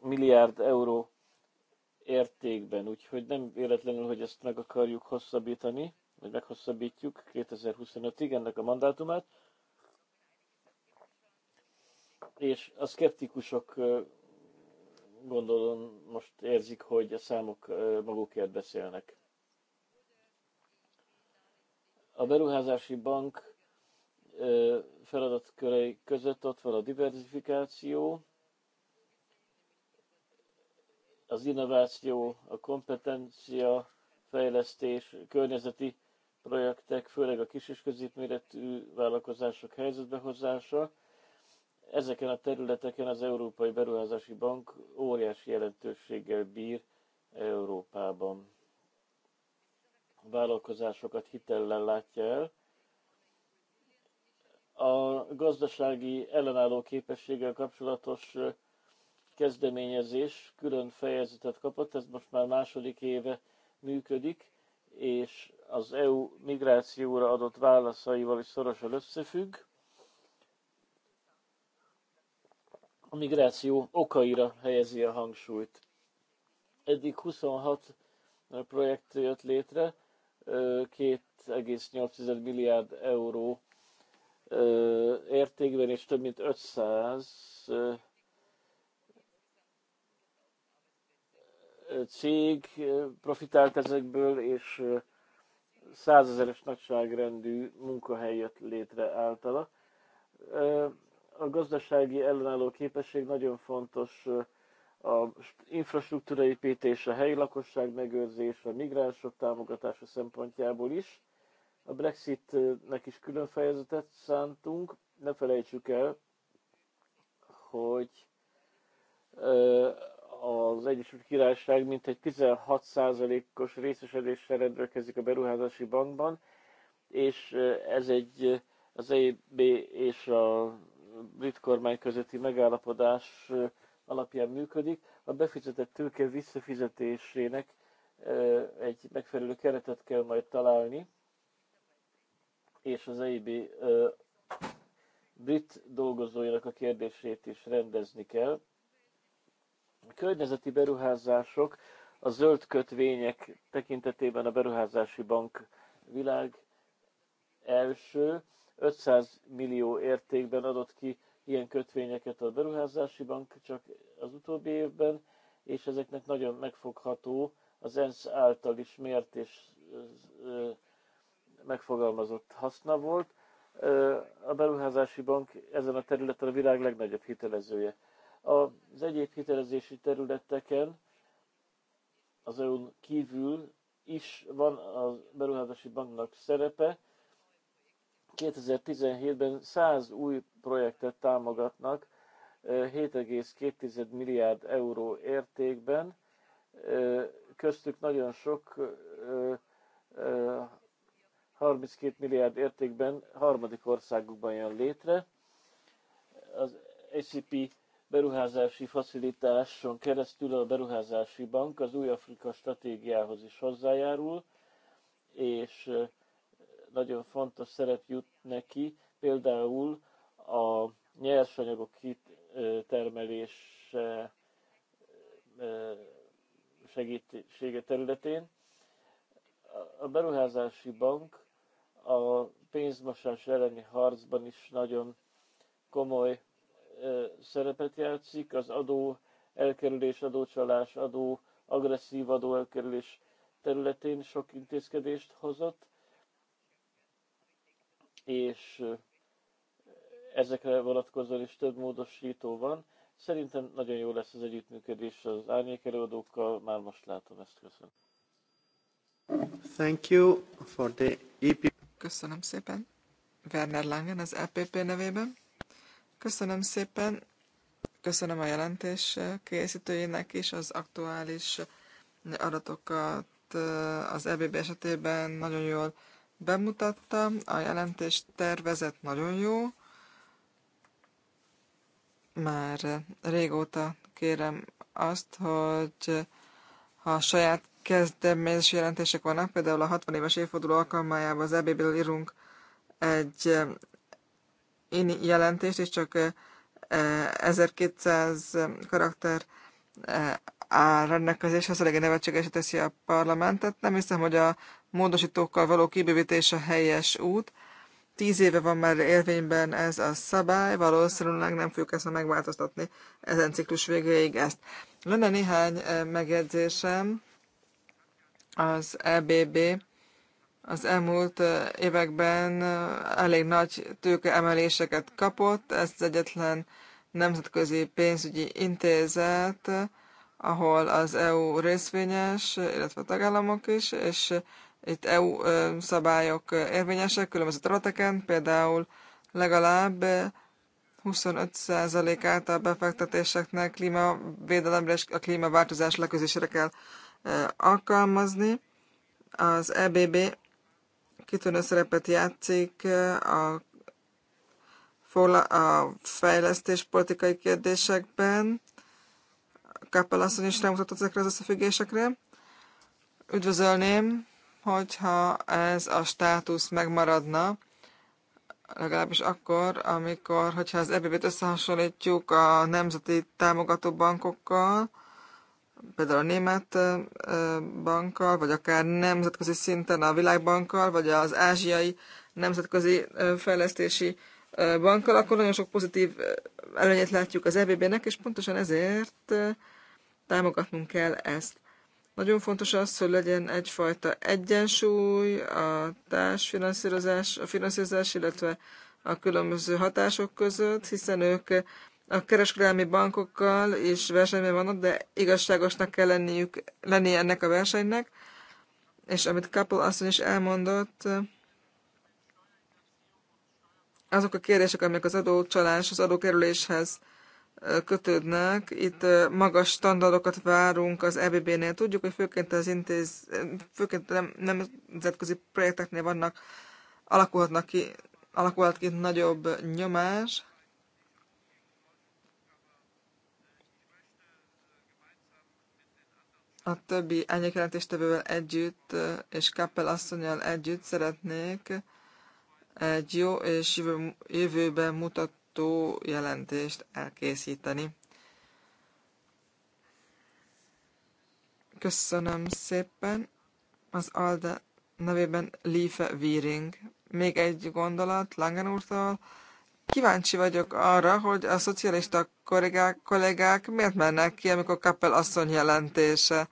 milliárd euró értékben, úgyhogy nem véletlenül, hogy ezt meg akarjuk hosszabbítani, vagy meghosszabbítjuk 2025-ig ennek a mandátumát és a szkeptikusok gondolom most érzik, hogy a számok magukért beszélnek. A beruházási bank feladatkörei között ott van a diversifikáció, az innováció, a kompetencia, fejlesztés, környezeti projektek, főleg a kis és középméretű vállalkozások helyzetbehozása, Ezeken a területeken az Európai Beruházási Bank óriási jelentőséggel bír Európában. A vállalkozásokat hitellel látja el. A gazdasági ellenálló képességgel kapcsolatos kezdeményezés külön fejezetet kapott, ez most már második éve működik, és az EU migrációra adott válaszaival is szorosan összefügg. a migráció okaira helyezi a hangsúlyt. Eddig 26 projekt jött létre, 2,8 milliárd euró értékben, és több mint 500 cég profitált ezekből, és százezeres nagyságrendű munkahely jött létre általa a gazdasági ellenálló képesség nagyon fontos a infrastruktúra építése, a helyi lakosság megőrzése, a migránsok támogatása szempontjából is. A Brexitnek is külön fejezetet szántunk. Ne felejtsük el, hogy az Egyesült Királyság mintegy 16%-os részesedéssel rendelkezik a beruházási bankban, és ez egy az EIB és a brit kormány közötti megállapodás alapján működik. A befizetett tőke visszafizetésének egy megfelelő keretet kell majd találni, és az EIB brit dolgozóinak a kérdését is rendezni kell. A környezeti beruházások a zöld kötvények tekintetében a beruházási bank világ első, 500 millió értékben adott ki ilyen kötvényeket a beruházási bank csak az utóbbi évben, és ezeknek nagyon megfogható az ENSZ által is mért és megfogalmazott haszna volt. A beruházási bank ezen a területen a világ legnagyobb hitelezője. Az egyéb hitelezési területeken az EU-n kívül is van a beruházási banknak szerepe, 2017-ben 100 új projektet támogatnak 7,2 milliárd euró értékben, köztük nagyon sok 32 milliárd értékben harmadik országokban jön létre. Az ACP beruházási facilitáson keresztül a beruházási bank az új Afrika stratégiához is hozzájárul, és nagyon fontos szerep jut neki, például a nyersanyagok kitermelése segítsége területén. A beruházási bank a pénzmosás elleni harcban is nagyon komoly szerepet játszik, az adó elkerülés, adócsalás, adó, agresszív adó elkerülés területén sok intézkedést hozott, és ezekre vonatkozóan is több módosító van. Szerintem nagyon jó lesz az együttműködés az árnyékelőadókkal, már most látom ezt, köszönöm. Thank you for the EP. Köszönöm szépen. Werner Langen az EPP nevében. Köszönöm szépen. Köszönöm a jelentés készítőjének is az aktuális adatokat az EBB esetében nagyon jól bemutatta, a jelentés tervezet nagyon jó, már régóta kérem azt, hogy ha saját kezdeményezési jelentések vannak, például a 60 éves évforduló alkalmájában az EB-ből írunk egy eh, jelentést, és csak 1200 eh, karakter eh, áll rendelkezéshez, elég nevetségesre teszi a parlamentet. Nem hiszem, hogy a módosítókkal való kibővítés a helyes út. Tíz éve van már érvényben ez a szabály, valószínűleg nem fogjuk ezt megváltoztatni ezen ciklus végéig ezt. Lenne néhány eh, megjegyzésem az EBB az elmúlt eh, években eh, elég nagy tőkeemeléseket kapott, ez az egyetlen nemzetközi pénzügyi intézet, ahol az EU részvényes, illetve a tagállamok is, és itt EU szabályok érvényesek különböző területeken, például legalább 25%-át a befektetéseknek klímavédelemre és a klímaváltozás leközésére kell alkalmazni. Az EBB kitűnő szerepet játszik a, a fejlesztés politikai kérdésekben. Kappel asszony is rámutatott ezekre az összefüggésekre. Üdvözölném hogyha ez a státusz megmaradna, legalábbis akkor, amikor, hogyha az EBB-t összehasonlítjuk a nemzeti támogató bankokkal, például a német bankkal, vagy akár nemzetközi szinten a világbankkal, vagy az ázsiai nemzetközi fejlesztési bankkal, akkor nagyon sok pozitív előnyét látjuk az EBB-nek, és pontosan ezért támogatnunk kell ezt. Nagyon fontos az, hogy legyen egyfajta egyensúly a társfinanszírozás, a finanszírozás, illetve a különböző hatások között, hiszen ők a kereskedelmi bankokkal is versenyben vannak, de igazságosnak kell lenniük, lenni ennek a versenynek. És amit Kapol asszony is elmondott, azok a kérdések, amik az adócsalás, az adókerüléshez kötődnek. Itt magas standardokat várunk az EBB-nél. Tudjuk, hogy főként az intéz, főként nem, nemzetközi projekteknél vannak, alakulhatnak ki, alakulhat ki nagyobb nyomás. A többi elnyékjelentéstevővel együtt és Kappel asszonyjal együtt szeretnék egy jó és jövőben mutató átfogó jelentést elkészíteni. Köszönöm szépen az ALDE nevében Liefe viring. Még egy gondolat Langen úrtól. Kíváncsi vagyok arra, hogy a szocialista kollégák, kollégák miért mennek ki, amikor Kappel asszony jelentése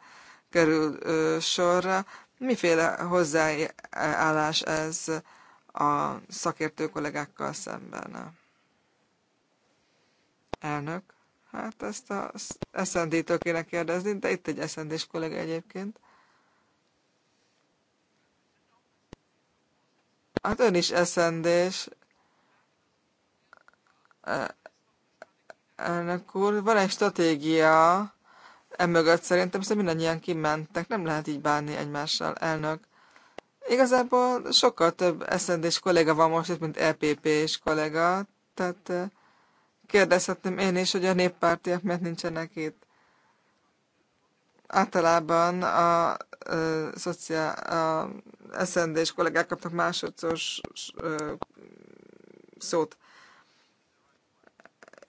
kerül ö, sorra. Miféle hozzáállás ez a szakértő kollégákkal szemben? Elnök, hát ezt a SZND-től kéne kérdezni, de itt egy SZND-s kollega egyébként. Hát ön is eszendés. E, elnök úr, van egy stratégia emögött szerintem, hiszen mindannyian kimentek, nem lehet így bánni egymással, elnök. Igazából sokkal több eszendés kolléga van most itt, mint EPP s kolléga, tehát e, kérdezhetném én is, hogy a néppártiak miért nincsenek itt. Általában a, a, szociál, a SZND és kollégák kaptak másodszor szót.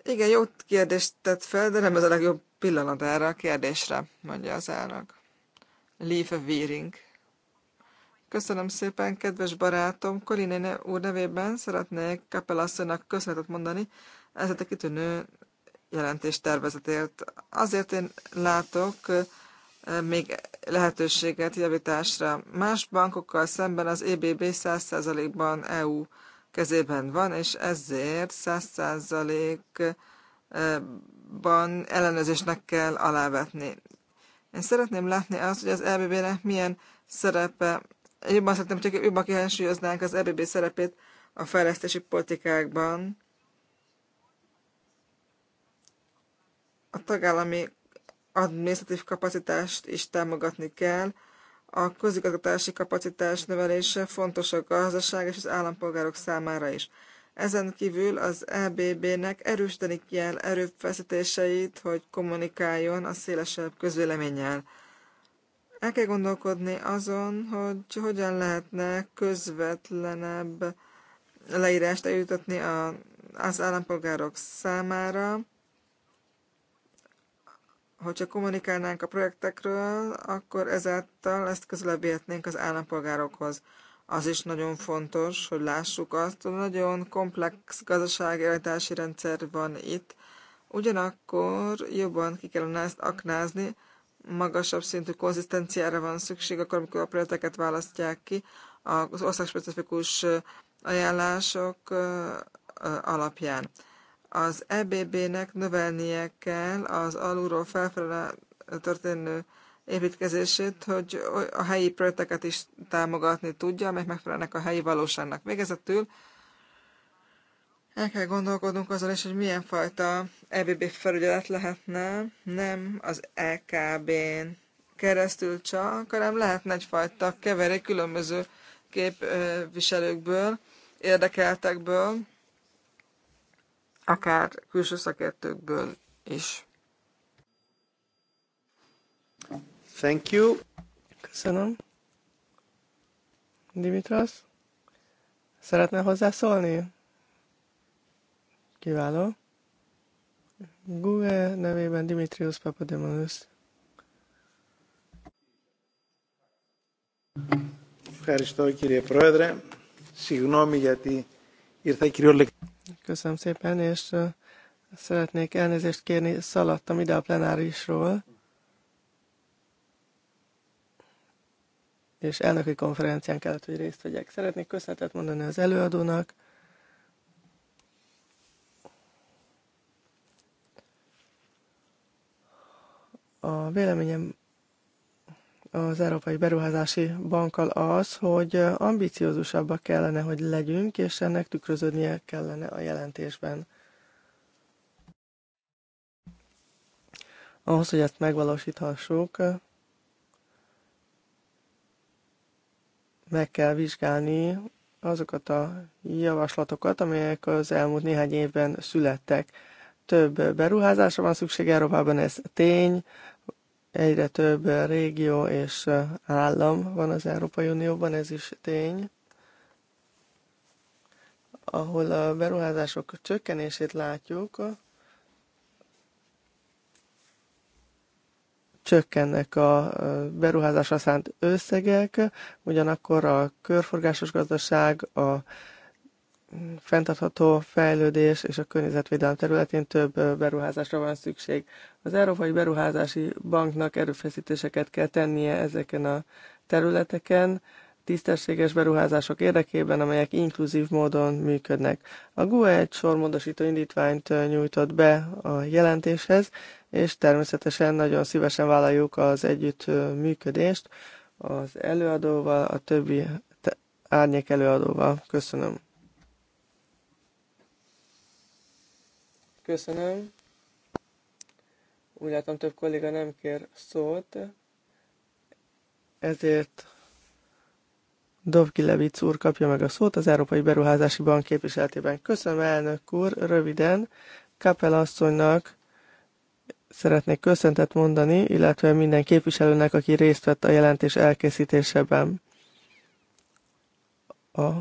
Igen, jó kérdést tett fel, de nem ez a legjobb pillanat erre a kérdésre, mondja az elnök. Leave a Weering. Köszönöm szépen, kedves barátom! Kolinene úr nevében szeretnék Kapelasszonynak köszönetet mondani ezért a kitűnő jelentés tervezetért. Azért én látok eh, még lehetőséget javításra. Más bankokkal szemben az EBB 100%-ban EU kezében van, és ezért 100%-ban ellenőrzésnek kell alávetni. Én szeretném látni azt, hogy az EBB-nek milyen szerepe, jobban szeretném, hogy jobban kihensúlyoznánk az EBB szerepét a fejlesztési politikákban, a tagállami adminisztratív kapacitást is támogatni kell. A közigazgatási kapacitás növelése fontos a gazdaság és az állampolgárok számára is. Ezen kívül az EBB-nek erősíteni kell erőfeszítéseit, hogy kommunikáljon a szélesebb közvéleménnyel. El kell gondolkodni azon, hogy hogyan lehetne közvetlenebb leírást eljutatni az állampolgárok számára, Hogyha kommunikálnánk a projektekről, akkor ezáltal ezt közelebb értnénk az állampolgárokhoz. Az is nagyon fontos, hogy lássuk azt, hogy nagyon komplex gazdaságjelentási rendszer van itt, ugyanakkor jobban ki kellene ezt aknázni, magasabb szintű konzisztenciára van szükség, akkor amikor a projekteket választják ki, az országspecifikus ajánlások alapján. Az EBB-nek növelnie kell az alulról felfelé történő építkezését, hogy a helyi projekteket is támogatni tudja, amelyek megfelelnek a helyi valóságnak. Végezetül el kell gondolkodnunk azon is, hogy milyen fajta EBB felügyelet lehetne, nem az EKB-n keresztül csak, hanem lehetne egyfajta keverék különböző képviselőkből, érdekeltekből, akár külső is. Thank you. Köszönöm. Dimitras, szeretne hozzászólni? Kiváló. Google nevében Dimitrios Papademos. Ευχαριστώ κύριε Πρόεδρε. Συγγνώμη γιατί ήρθα κυριολεκτικά. Köszönöm szépen, és szeretnék elnézést kérni, szaladtam ide a plenárisról. és elnöki konferencián kellett, hogy részt vegyek. Szeretnék köszönetet mondani az előadónak. A véleményem az Európai Beruházási Bankkal az, hogy ambiciózusabbak kellene, hogy legyünk, és ennek tükröződnie kellene a jelentésben. Ahhoz, hogy ezt megvalósíthassuk, meg kell vizsgálni azokat a javaslatokat, amelyek az elmúlt néhány évben születtek. Több beruházásra van szükség Európában, ez tény, Egyre több régió és állam van az Európai Unióban, ez is tény, ahol a beruházások csökkenését látjuk, csökkennek a beruházásra szánt összegek, ugyanakkor a körforgásos gazdaság, a fenntartható fejlődés és a környezetvédelem területén több beruházásra van szükség. Az Európai Beruházási Banknak erőfeszítéseket kell tennie ezeken a területeken, tisztességes beruházások érdekében, amelyek inkluzív módon működnek. A GUE egy sor módosító indítványt nyújtott be a jelentéshez, és természetesen nagyon szívesen vállaljuk az együttműködést az előadóval, a többi árnyék előadóval. Köszönöm. Köszönöm. Úgy látom, több kolléga nem kér szót, ezért Levic úr kapja meg a szót az Európai Beruházási Bank képviseletében. Köszönöm, elnök úr, röviden. Kapel asszonynak szeretnék köszöntet mondani, illetve minden képviselőnek, aki részt vett a jelentés elkészítésében. A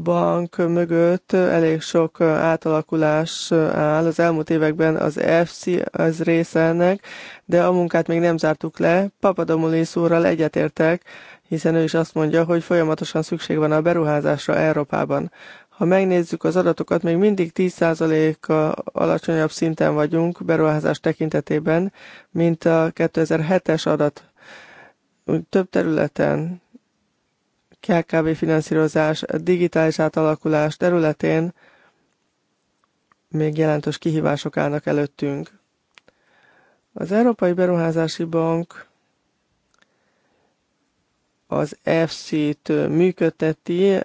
bank mögött elég sok átalakulás áll. Az elmúlt években az FC az része ennek, de a munkát még nem zártuk le. Papadomulis úrral egyetértek, hiszen ő is azt mondja, hogy folyamatosan szükség van a beruházásra Európában. Ha megnézzük az adatokat, még mindig 10%-a alacsonyabb szinten vagyunk beruházás tekintetében, mint a 2007-es adat több területen KKV finanszírozás, digitális átalakulás területén még jelentős kihívások állnak előttünk. Az Európai Beruházási Bank az FC-t működteti,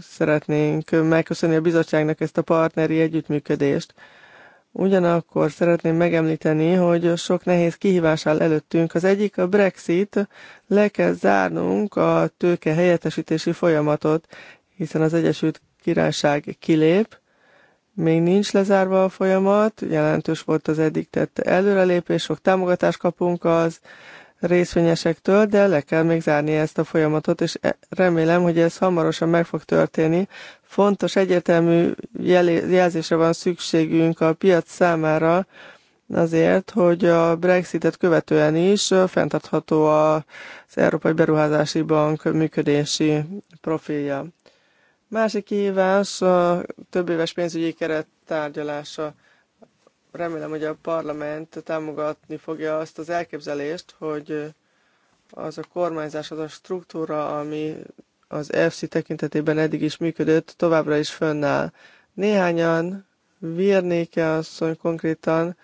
szeretnénk megköszönni a bizottságnak ezt a partneri együttműködést. Ugyanakkor szeretném megemlíteni, hogy sok nehéz kihívás áll előttünk. Az egyik a Brexit, le kell zárnunk a tőke helyettesítési folyamatot, hiszen az Egyesült Királyság kilép, még nincs lezárva a folyamat, jelentős volt az eddig tett előrelépés, sok támogatást kapunk az részvényesektől, de le kell még zárni ezt a folyamatot, és e- remélem, hogy ez hamarosan meg fog történni, Fontos, egyértelmű jelzésre van szükségünk a piac számára, azért, hogy a Brexitet követően is fenntartható az Európai Beruházási Bank működési profilja. Másik kihívás a több éves pénzügyi keret tárgyalása. Remélem, hogy a parlament támogatni fogja azt az elképzelést, hogy az a kormányzás, az a struktúra, ami az FC tekintetében eddig is működött, továbbra is fönnáll. Néhányan Virnéke asszony konkrétan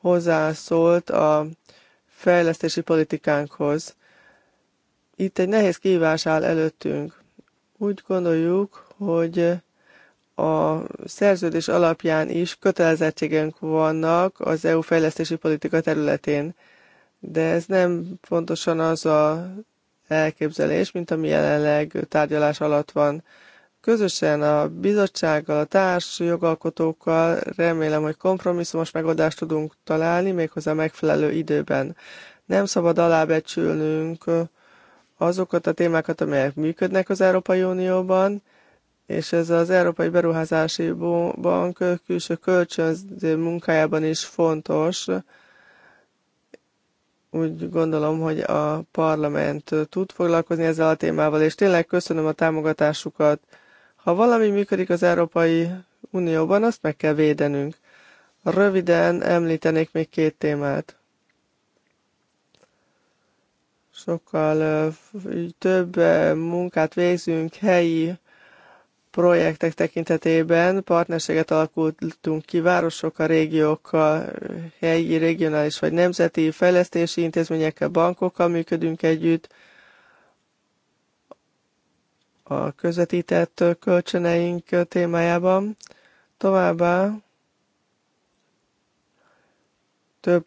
hozzászólt a fejlesztési politikánkhoz. Itt egy nehéz kívás áll előttünk. Úgy gondoljuk, hogy a szerződés alapján is kötelezettségünk vannak az EU fejlesztési politika területén, de ez nem pontosan az a elképzelés, mint ami jelenleg tárgyalás alatt van. Közösen a bizottsággal, a társ jogalkotókkal remélem, hogy kompromisszumos megoldást tudunk találni, méghozzá megfelelő időben. Nem szabad alábecsülnünk azokat a témákat, amelyek működnek az Európai Unióban, és ez az Európai Beruházási Bank külső kölcsönző munkájában is fontos, úgy gondolom, hogy a parlament tud foglalkozni ezzel a témával, és tényleg köszönöm a támogatásukat. Ha valami működik az Európai Unióban, azt meg kell védenünk. Röviden említenék még két témát. Sokkal több munkát végzünk helyi projektek tekintetében partnerséget alakultunk ki városokkal, régiókkal, helyi, regionális vagy nemzeti fejlesztési intézményekkel, bankokkal működünk együtt. A közvetített kölcsöneink témájában. Továbbá több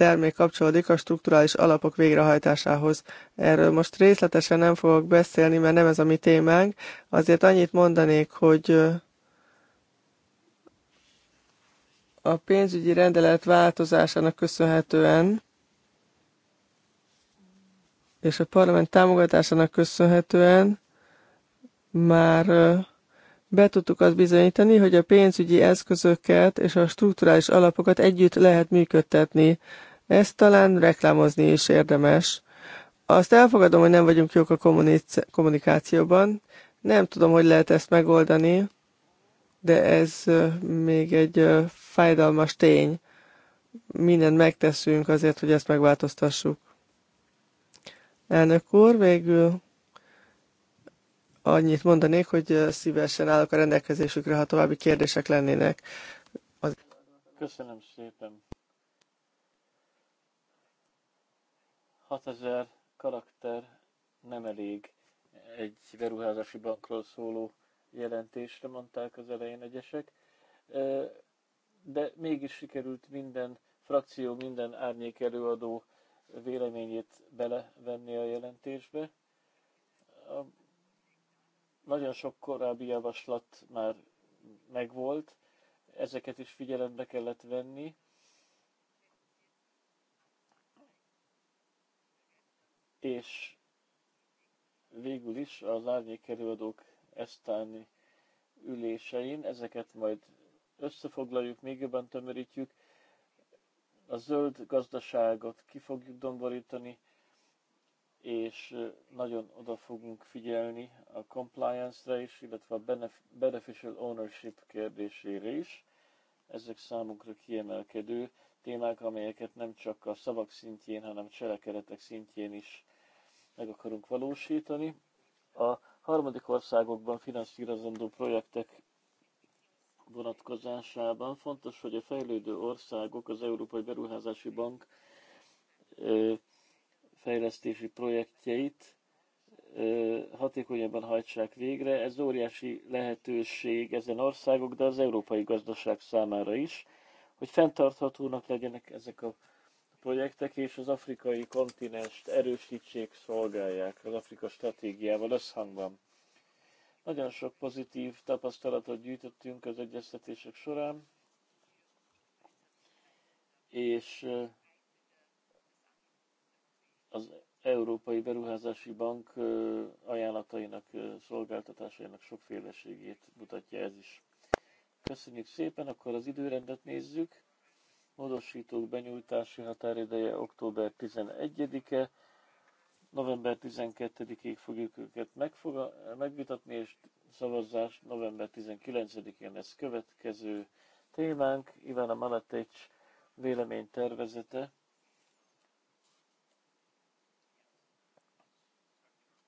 termék kapcsolódik a strukturális alapok végrehajtásához. Erről most részletesen nem fogok beszélni, mert nem ez a mi témánk. Azért annyit mondanék, hogy a pénzügyi rendelet változásának köszönhetően és a parlament támogatásának köszönhetően már be tudtuk azt bizonyítani, hogy a pénzügyi eszközöket és a strukturális alapokat együtt lehet működtetni. Ezt talán reklámozni is érdemes. Azt elfogadom, hogy nem vagyunk jók a kommunikációban. Nem tudom, hogy lehet ezt megoldani, de ez még egy fájdalmas tény. Mindent megteszünk azért, hogy ezt megváltoztassuk. Elnök úr, végül annyit mondanék, hogy szívesen állok a rendelkezésükre, ha további kérdések lennének. Az... Köszönöm szépen. 6000 karakter nem elég egy beruházási bankról szóló jelentésre, mondták az elején egyesek, de mégis sikerült minden frakció, minden árnyék előadó véleményét belevenni a jelentésbe. A nagyon sok korábbi javaslat már megvolt, ezeket is figyelembe kellett venni, és végül is az árnyékerőadók esztáni ülésein, ezeket majd összefoglaljuk, még jobban tömörítjük, a zöld gazdaságot ki fogjuk domborítani, és nagyon oda fogunk figyelni a compliance-re is, illetve a beneficial ownership kérdésére is. Ezek számunkra kiemelkedő témák, amelyeket nem csak a szavak szintjén, hanem cselekedetek szintjén is meg akarunk valósítani. A harmadik országokban finanszírozandó projektek vonatkozásában fontos, hogy a fejlődő országok, az Európai Beruházási Bank fejlesztési projektjeit hatékonyabban hajtsák végre. Ez óriási lehetőség ezen országok, de az európai gazdaság számára is, hogy fenntarthatónak legyenek ezek a projektek és az afrikai kontinenst erősítsék, szolgálják az Afrika stratégiával összhangban. Nagyon sok pozitív tapasztalatot gyűjtöttünk az egyeztetések során, és az Európai Beruházási Bank ajánlatainak, szolgáltatásainak sokféleségét mutatja ez is. Köszönjük szépen, akkor az időrendet nézzük. Módosítók benyújtási határideje október 11-e, november 12-ig fogjuk őket megvitatni, és szavazás november 19-én lesz következő témánk, Ivana vélemény véleménytervezete.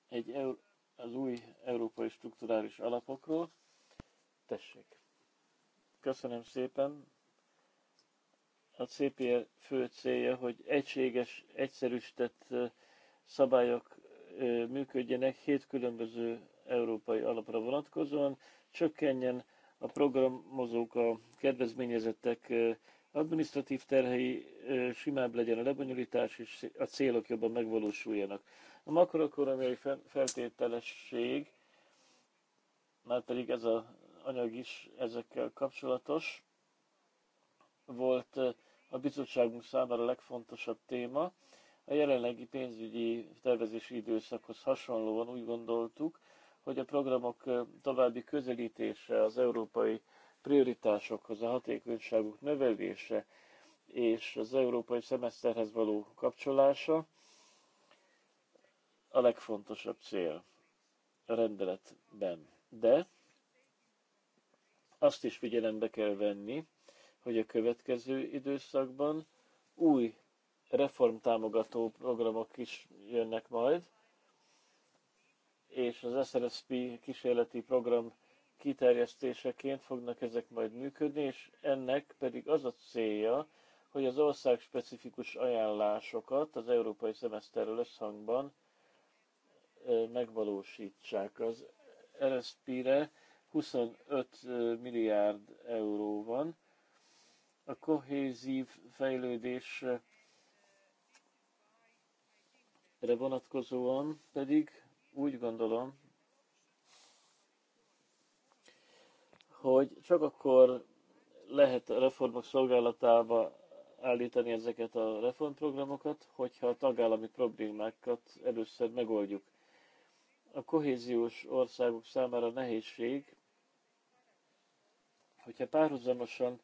Egy az új európai strukturális alapokról. Tessék! Köszönöm szépen, a CPR fő célja, hogy egységes, egyszerűsített szabályok működjenek hét különböző európai alapra vonatkozóan, csökkenjen a programozók, a kedvezményezettek adminisztratív terhei, simább legyen a lebonyolítás, és a célok jobban megvalósuljanak. A makroekonomiai feltételesség, már pedig ez az anyag is ezekkel kapcsolatos, volt a bizottságunk számára a legfontosabb téma. A jelenlegi pénzügyi tervezési időszakhoz hasonlóan úgy gondoltuk, hogy a programok további közelítése az európai prioritásokhoz, a hatékonyságuk növelése és az európai szemeszterhez való kapcsolása a legfontosabb cél a rendeletben. De azt is figyelembe kell venni, hogy a következő időszakban új reformtámogató programok is jönnek majd, és az SRSP kísérleti program kiterjesztéseként fognak ezek majd működni, és ennek pedig az a célja, hogy az ország specifikus ajánlásokat az európai szemeszterrel összhangban megvalósítsák. Az RSP-re 25 milliárd euró van, a kohézív fejlődésre vonatkozóan pedig úgy gondolom, hogy csak akkor lehet a reformok szolgálatába állítani ezeket a reformprogramokat, hogyha a tagállami problémákat először megoldjuk. A kohéziós országok számára nehézség, hogyha párhuzamosan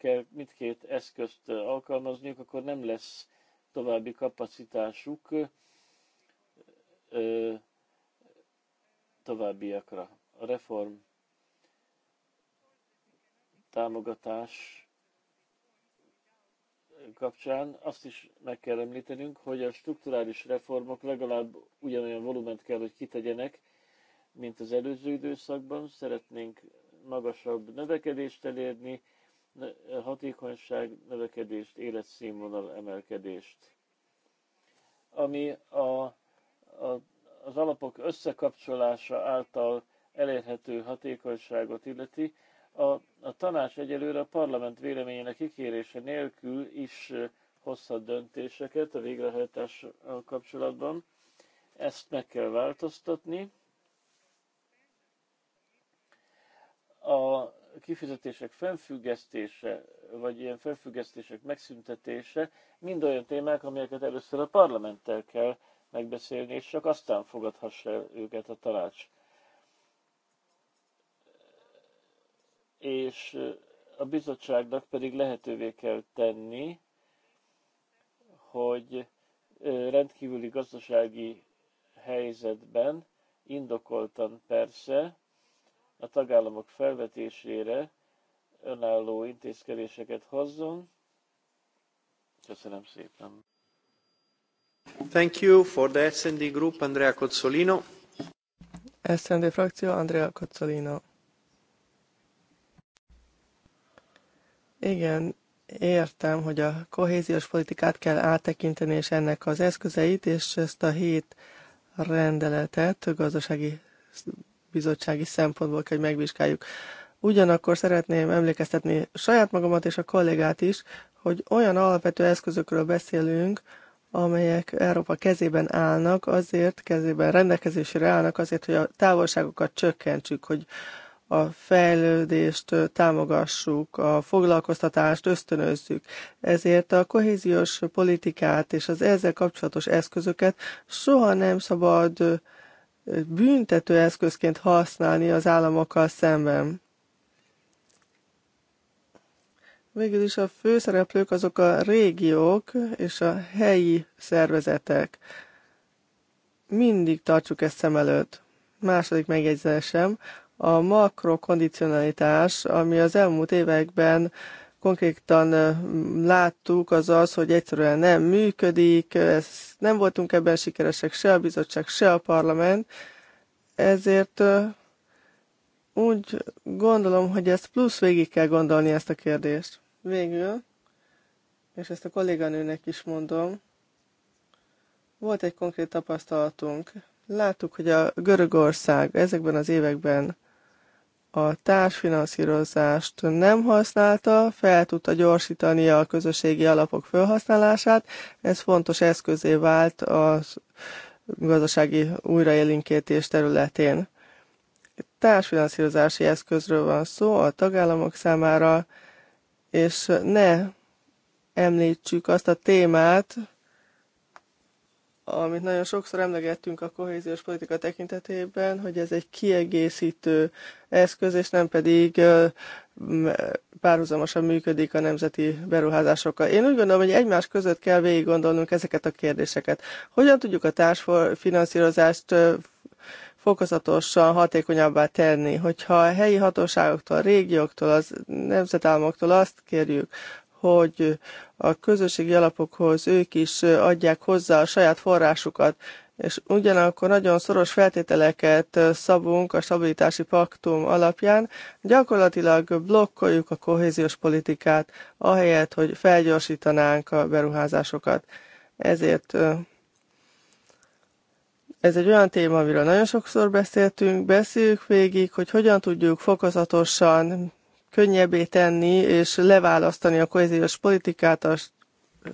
kell mindkét eszközt eh, alkalmazniuk, akkor nem lesz további kapacitásuk eh, továbbiakra. A reform támogatás kapcsán azt is meg kell említenünk, hogy a strukturális reformok legalább ugyanolyan volument kell, hogy kitegyenek, mint az előző időszakban. Szeretnénk magasabb növekedést elérni, hatékonyság növekedést, életszínvonal emelkedést. Ami a, a, az alapok összekapcsolása által elérhető hatékonyságot illeti, a, a tanács egyelőre a parlament véleményének kikérése nélkül is hozhat döntéseket a végrehajtás kapcsolatban. Ezt meg kell változtatni. A kifizetések fennfüggesztése, vagy ilyen fennfüggesztések megszüntetése mind olyan témák, amelyeket először a parlamenttel kell megbeszélni, és csak aztán fogadhassa őket a tanács. És a bizottságnak pedig lehetővé kell tenni, hogy rendkívüli gazdasági helyzetben, indokoltan persze, a tagállamok felvetésére önálló intézkedéseket hozzon. Köszönöm szépen. Thank you for the SND Group, Andrea Cozzolino. SND frakció, Andrea Cozzolino. Igen, értem, hogy a kohéziós politikát kell áttekinteni, és ennek az eszközeit, és ezt a hét rendeletet, gazdasági bizottsági szempontból kell, hogy megvizsgáljuk. Ugyanakkor szeretném emlékeztetni saját magamat és a kollégát is, hogy olyan alapvető eszközökről beszélünk, amelyek Európa kezében állnak, azért kezében rendelkezésre állnak, azért, hogy a távolságokat csökkentsük, hogy a fejlődést támogassuk, a foglalkoztatást ösztönözzük. Ezért a kohéziós politikát és az ezzel kapcsolatos eszközöket soha nem szabad büntető eszközként használni az államokkal szemben. Végül is a főszereplők azok a régiók és a helyi szervezetek. Mindig tartsuk ezt szem előtt. Második megjegyzésem, a makrokondicionalitás, ami az elmúlt években konkrétan láttuk, az az, hogy egyszerűen nem működik, ez, nem voltunk ebben sikeresek se a bizottság, se a parlament, ezért úgy gondolom, hogy ezt plusz végig kell gondolni ezt a kérdést. Végül, és ezt a kolléganőnek is mondom, volt egy konkrét tapasztalatunk. Láttuk, hogy a Görögország ezekben az években a társfinanszírozást nem használta, fel tudta gyorsítani a közösségi alapok felhasználását. Ez fontos eszközé vált a gazdasági újraélinkítés területén. Társfinanszírozási eszközről van szó a tagállamok számára, és ne említsük azt a témát, amit nagyon sokszor emlegettünk a kohéziós politika tekintetében, hogy ez egy kiegészítő eszköz, és nem pedig párhuzamosan működik a nemzeti beruházásokkal. Én úgy gondolom, hogy egymás között kell végig gondolnunk ezeket a kérdéseket. Hogyan tudjuk a társfinanszírozást fokozatosan hatékonyabbá tenni, hogyha a helyi hatóságoktól, a régióktól, az nemzetállamoktól azt kérjük, hogy a közösségi alapokhoz ők is adják hozzá a saját forrásukat, és ugyanakkor nagyon szoros feltételeket szabunk a stabilitási paktum alapján, gyakorlatilag blokkoljuk a kohéziós politikát, ahelyett, hogy felgyorsítanánk a beruházásokat. Ezért ez egy olyan téma, amiről nagyon sokszor beszéltünk, beszéljük végig, hogy hogyan tudjuk fokozatosan könnyebbé tenni és leválasztani a kohéziós politikát a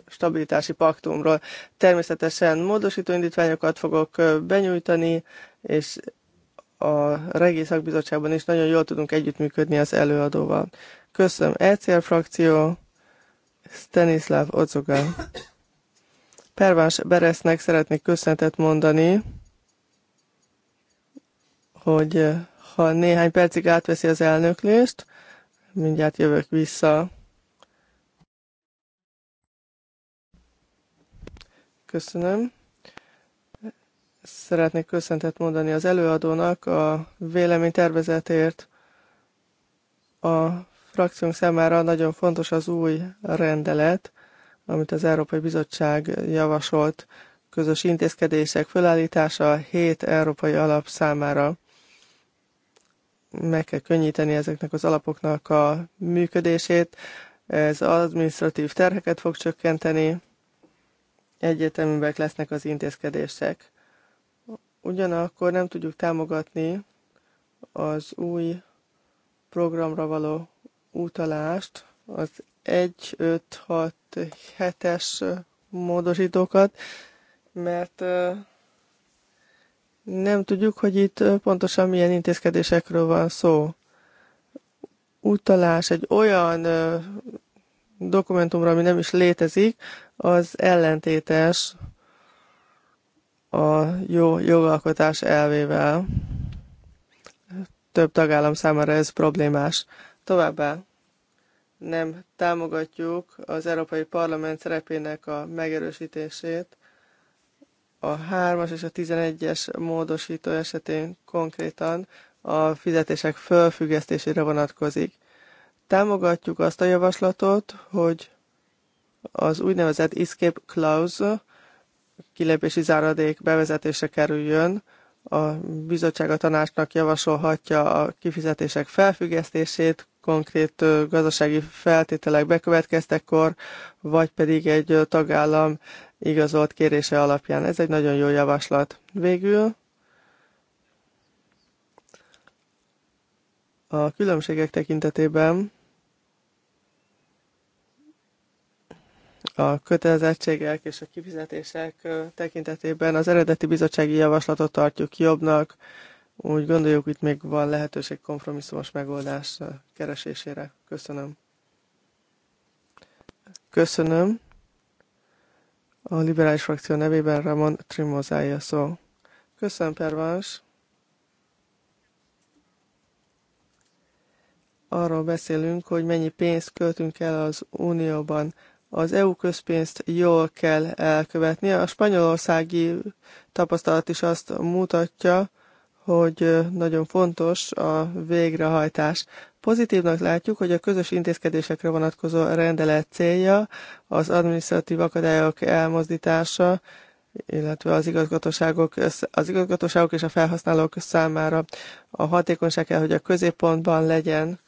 stabilitási paktumról. Természetesen módosító indítványokat fogok benyújtani, és a Regi Szakbizottságban is nagyon jól tudunk együttműködni az előadóval. Köszönöm. ECR frakció, Stanislav Ocoga. Pervás Beresznek szeretnék köszönetet mondani, hogy ha néhány percig átveszi az elnöklést, mindjárt jövök vissza. Köszönöm. Szeretnék köszöntet mondani az előadónak a véleménytervezetért. A frakciónk számára nagyon fontos az új rendelet, amit az Európai Bizottság javasolt, közös intézkedések felállítása hét európai alap számára meg kell könnyíteni ezeknek az alapoknak a működését. Ez administratív terheket fog csökkenteni, egyeteműbbek lesznek az intézkedések. Ugyanakkor nem tudjuk támogatni az új programra való utalást, az 1, 5, 6, 7-es módosítókat, mert nem tudjuk, hogy itt pontosan milyen intézkedésekről van szó. Utalás egy olyan dokumentumra, ami nem is létezik, az ellentétes a jó jogalkotás elvével. Több tagállam számára ez problémás. Továbbá nem támogatjuk az Európai Parlament szerepének a megerősítését a 3-as és a 11-es módosító esetén konkrétan a fizetések fölfüggesztésére vonatkozik. Támogatjuk azt a javaslatot, hogy az úgynevezett escape clause kilépési záradék bevezetése kerüljön, a bizottság a tanácsnak javasolhatja a kifizetések felfüggesztését konkrét gazdasági feltételek bekövetkeztekkor, vagy pedig egy tagállam igazolt kérése alapján. Ez egy nagyon jó javaslat. Végül a különbségek tekintetében a kötelezettségek és a kifizetések tekintetében az eredeti bizottsági javaslatot tartjuk jobbnak, úgy gondoljuk, itt még van lehetőség kompromisszumos megoldás keresésére. Köszönöm. Köszönöm. A liberális frakció nevében Ramon Trimozája szó. Köszönöm, Pervans. Arról beszélünk, hogy mennyi pénzt költünk el az Unióban. Az EU közpénzt jól kell elkövetni. A spanyolországi tapasztalat is azt mutatja, hogy nagyon fontos a végrehajtás. Pozitívnak látjuk, hogy a közös intézkedésekre vonatkozó rendelet célja az administratív akadályok elmozdítása, illetve az igazgatóságok, az igazgatóságok és a felhasználók számára a hatékonyság kell, hogy a középpontban legyen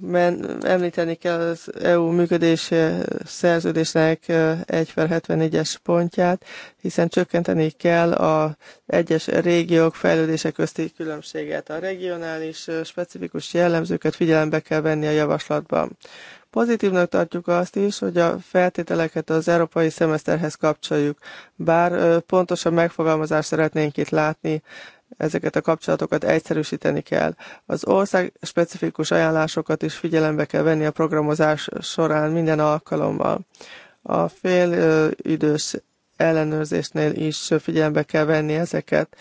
men, említeni kell az EU működési szerződésnek 1 per 74-es pontját, hiszen csökkenteni kell a egyes régiók fejlődése közti különbséget. A regionális specifikus jellemzőket figyelembe kell venni a javaslatban. Pozitívnak tartjuk azt is, hogy a feltételeket az európai szemeszterhez kapcsoljuk, bár pontosabb megfogalmazást szeretnénk itt látni ezeket a kapcsolatokat egyszerűsíteni kell. Az ország specifikus ajánlásokat is figyelembe kell venni a programozás során minden alkalommal. A félidős ellenőrzésnél is figyelembe kell venni ezeket.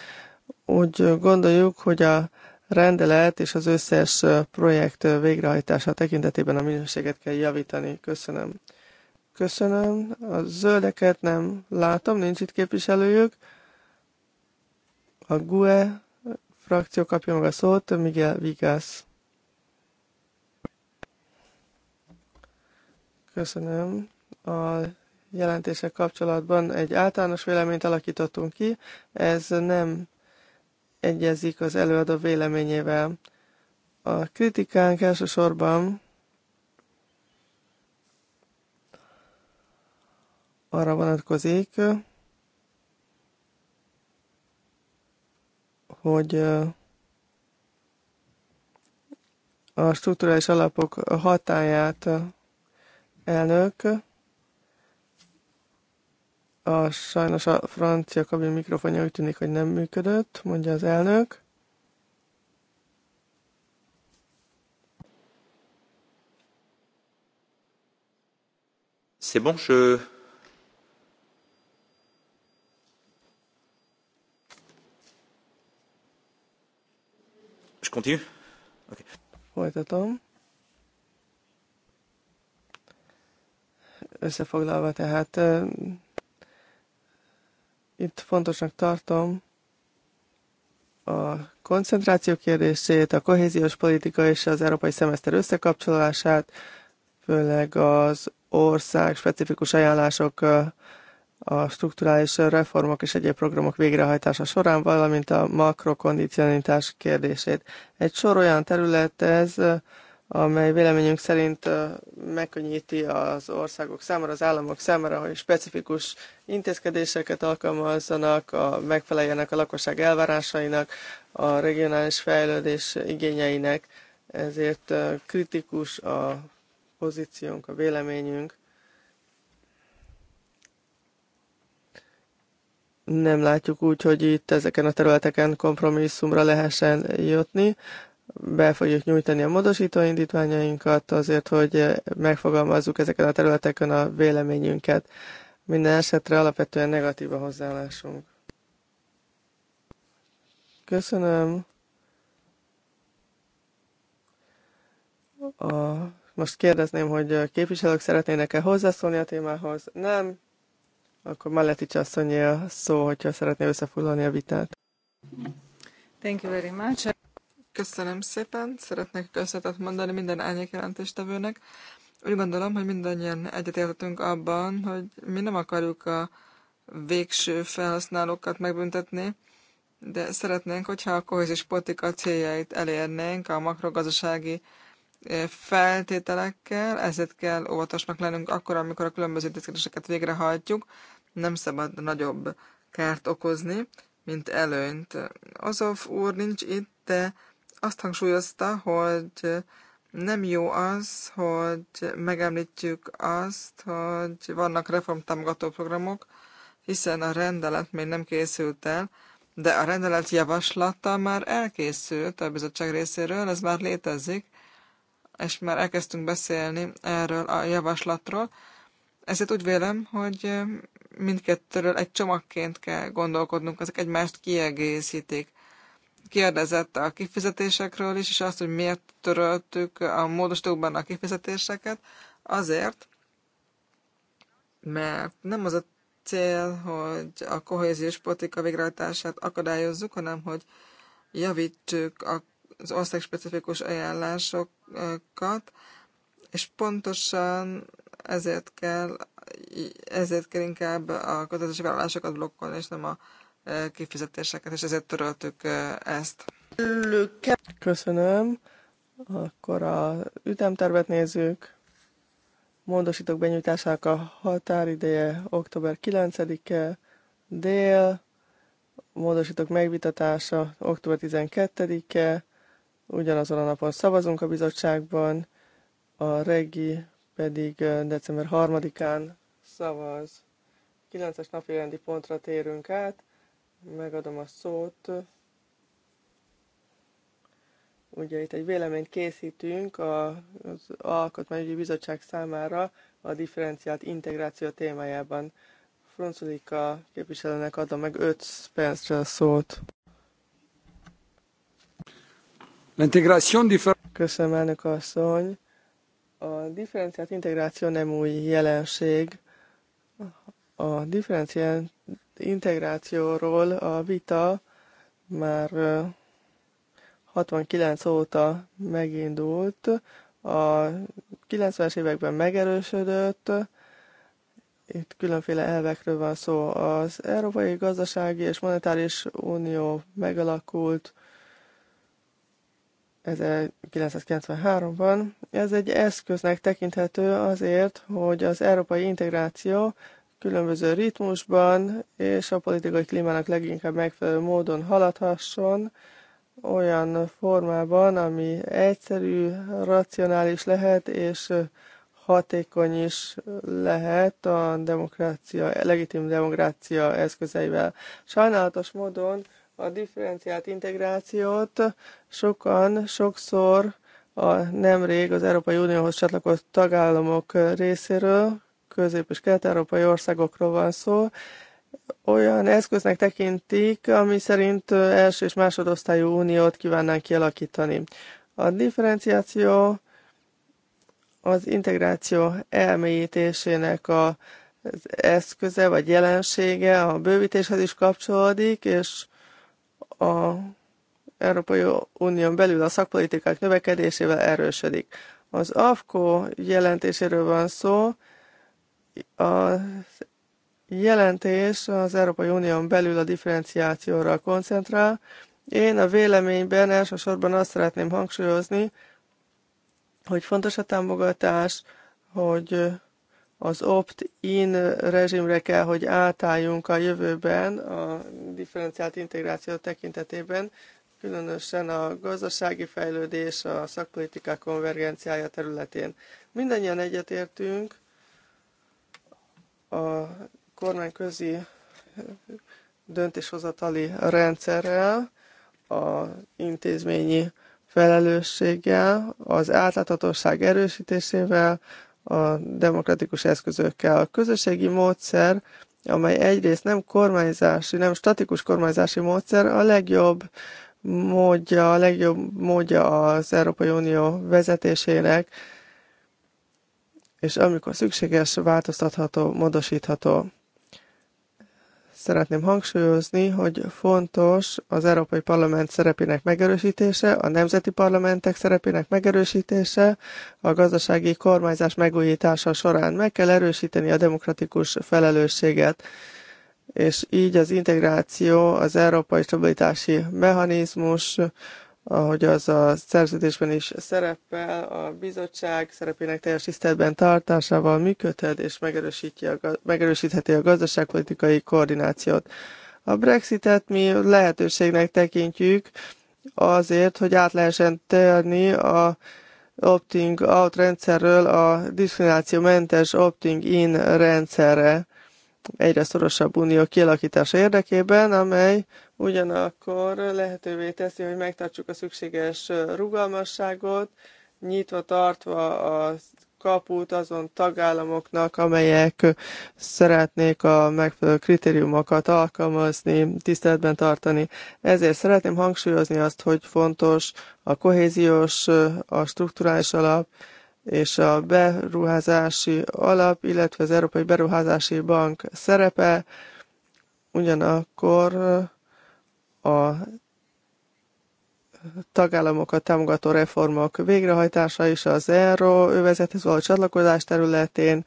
Úgy gondoljuk, hogy a rendelet és az összes projekt végrehajtása tekintetében a minőséget kell javítani. Köszönöm. Köszönöm. A zöldeket nem látom, nincs itt képviselőjük. A GUE frakció kapja meg a szót, Miguel Köszönöm. A jelentések kapcsolatban egy általános véleményt alakítottunk ki, ez nem egyezik az előadó véleményével. A kritikánk elsősorban arra vonatkozik, hogy a strukturális alapok hatáját elnök a, sajnos a francia kabin mikrofonja úgy tűnik, hogy nem működött, mondja az elnök. C'est bon, je, continue? Okay. Folytatom. Összefoglalva tehát itt fontosnak tartom a koncentráció kérdését, a kohéziós politika és az európai szemeszter összekapcsolását, főleg az ország specifikus ajánlások a strukturális reformok és egyéb programok végrehajtása során, valamint a makrokondicionitás kérdését. Egy sor olyan terület ez, amely véleményünk szerint megkönnyíti az országok számára, az államok számára, hogy specifikus intézkedéseket alkalmazzanak, a, megfeleljenek a lakosság elvárásainak, a regionális fejlődés igényeinek, ezért kritikus a pozíciónk, a véleményünk nem látjuk úgy, hogy itt ezeken a területeken kompromisszumra lehessen jutni. Be fogjuk nyújtani a módosító indítványainkat azért, hogy megfogalmazzuk ezeken a területeken a véleményünket. Minden esetre alapvetően negatív a hozzáállásunk. Köszönöm. A, most kérdezném, hogy képviselők szeretnének-e hozzászólni a témához? Nem. Akkor Maletics asszonyi a szó, hogyha szeretné összefoglalni a vitát. Thank you very much. Köszönöm szépen, szeretnék köszönetet mondani minden árnyék jelentéstevőnek. Úgy gondolom, hogy mindannyian egyetértünk abban, hogy mi nem akarjuk a végső felhasználókat megbüntetni, de szeretnénk, hogyha a kohézis politika céljait elérnénk, a makrogazdasági feltételekkel, ezért kell óvatosnak lennünk akkor, amikor a különböző intézkedéseket végrehajtjuk, nem szabad nagyobb kárt okozni, mint előnyt. Azov úr nincs itt, de azt hangsúlyozta, hogy nem jó az, hogy megemlítjük azt, hogy vannak reformtámogató programok, hiszen a rendelet még nem készült el, de a rendelet javaslata már elkészült a bizottság részéről, ez már létezik, és már elkezdtünk beszélni erről a javaslatról. Ezért úgy vélem, hogy mindkettőről egy csomagként kell gondolkodnunk, ezek egymást kiegészítik. Kérdezett a kifizetésekről is, és azt, hogy miért töröltük a módosítókban a kifizetéseket. Azért, mert nem az a cél, hogy a kohéziós politika végrehajtását akadályozzuk, hanem hogy javítsuk a az országspecifikus ajánlásokat, és pontosan ezért kell, ezért kell inkább a kötelezési vállalásokat blokkolni, és nem a e, kifizetéseket, és ezért töröltük e, ezt. Köszönöm. Akkor a ütemtervet nézzük. Módosítok benyújtásának a határideje október 9-e, dél, módosítok megvitatása október 12-e, Ugyanazon a napon szavazunk a bizottságban, a regi pedig december 3-án szavaz. 9-es napi rendi pontra térünk át, megadom a szót. Ugye itt egy véleményt készítünk az Alkotmányügyi Bizottság számára a differenciált integráció témájában. Franculika képviselőnek adom meg 5 percre a szót. Köszönöm, elnök asszony. A differenciált integráció nem új jelenség. A differenciált integrációról a vita már 69 óta megindult, a 90-es években megerősödött, itt különféle elvekről van szó. Az Európai Gazdasági és Monetáris Unió megalakult, 1993-ban. Ez egy eszköznek tekinthető azért, hogy az európai integráció különböző ritmusban és a politikai klímának leginkább megfelelő módon haladhasson, olyan formában, ami egyszerű, racionális lehet, és hatékony is lehet a demokrácia, legitim demokrácia eszközeivel. Sajnálatos módon a differenciált integrációt sokan, sokszor a nemrég az Európai Unióhoz csatlakozott tagállamok részéről, közép- és kelet-európai országokról van szó, olyan eszköznek tekintik, ami szerint első és másodosztályú uniót kívánnánk kialakítani. A differenciáció az integráció elmélyítésének a az eszköze vagy jelensége a bővítéshez is kapcsolódik, és a Európai Unión belül a szakpolitikák növekedésével erősödik. Az AFKO jelentéséről van szó. A jelentés az Európai Unión belül a differenciációra koncentrál. Én a véleményben elsősorban azt szeretném hangsúlyozni, hogy fontos a támogatás, hogy az opt-in rezsimre kell, hogy átálljunk a jövőben a differenciált integráció tekintetében, különösen a gazdasági fejlődés, a szakpolitikák konvergenciája területén. Mindannyian egyetértünk a kormányközi döntéshozatali rendszerrel, a intézményi felelősséggel, az átláthatóság erősítésével, a demokratikus eszközökkel. A közösségi módszer, amely egyrészt nem kormányzási, nem statikus kormányzási módszer, a legjobb módja, a legjobb módja az Európai Unió vezetésének, és amikor szükséges, változtatható, módosítható. Szeretném hangsúlyozni, hogy fontos az Európai Parlament szerepének megerősítése, a nemzeti parlamentek szerepének megerősítése, a gazdasági kormányzás megújítása során meg kell erősíteni a demokratikus felelősséget, és így az integráció, az európai stabilitási mechanizmus, ahogy az a szerződésben is szerepel, a bizottság szerepének teljes tiszteletben tartásával működhet és megerősíti a, megerősítheti a gazdaságpolitikai koordinációt. A Brexitet mi lehetőségnek tekintjük azért, hogy át lehessen térni a opting out rendszerről a diszkriminációmentes opting in rendszerre egyre szorosabb unió kialakítása érdekében, amely ugyanakkor lehetővé teszi, hogy megtartsuk a szükséges rugalmasságot, nyitva tartva a kaput azon tagállamoknak, amelyek szeretnék a megfelelő kritériumokat alkalmazni, tiszteletben tartani. Ezért szeretném hangsúlyozni azt, hogy fontos a kohéziós, a strukturális alap, és a beruházási alap, illetve az Európai Beruházási Bank szerepe, ugyanakkor a tagállamokat támogató reformok végrehajtása is az ERO övezethez való csatlakozás területén,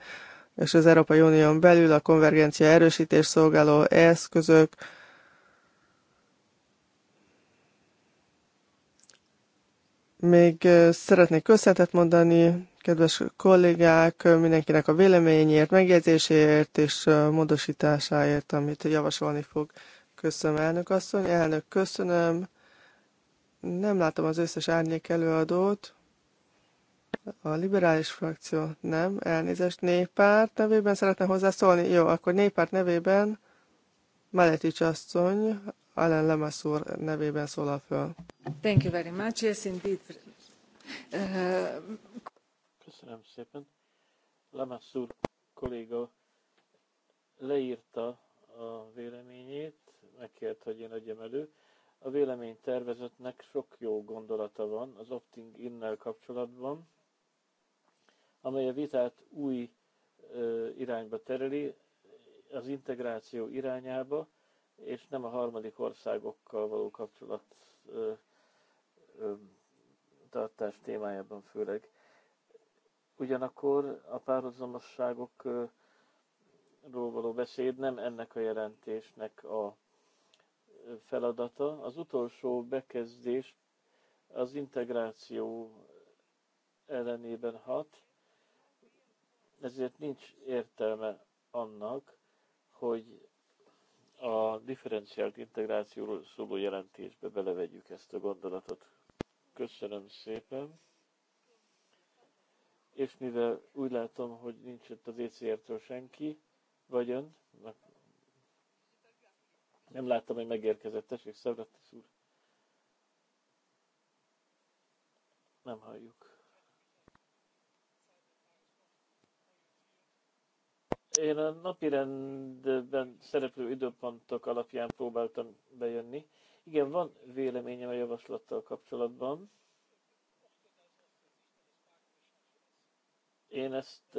és az Európai Unión belül a konvergencia erősítés szolgáló eszközök Még szeretnék köszönetet mondani, kedves kollégák, mindenkinek a véleményért, megjegyzéséért és módosításáért, amit javasolni fog. Köszönöm, elnök asszony. Elnök, köszönöm. Nem látom az összes árnyék előadót. A liberális frakció nem, elnézést. Néppárt nevében szeretne hozzászólni? Jó, akkor néppárt nevében Maletics asszony, Lemass úr nevében szólal föl. Thank you very much. Yes, indeed. Uh... Köszönöm szépen. úr kolléga leírta a véleményét, megkért, hogy én adjam elő. A vélemény tervezetnek sok jó gondolata van az opting innel kapcsolatban, amely a vitát új irányba tereli, az integráció irányába, és nem a harmadik országokkal való kapcsolat ö, ö, tartás témájában főleg. Ugyanakkor a párhuzamosságokról való beszéd nem ennek a jelentésnek a feladata. Az utolsó bekezdés az integráció ellenében hat, ezért nincs értelme annak, hogy a differenciált integrációról szóló jelentésbe belevegyük ezt a gondolatot. Köszönöm szépen. És mivel úgy látom, hogy nincs itt az ECR-től senki, vagy ön, nem láttam, hogy megérkezett. Tessék, Szavratis úr. Nem halljuk. Én a napi rendben szereplő időpontok alapján próbáltam bejönni. Igen, van véleményem a javaslattal kapcsolatban. Én ezt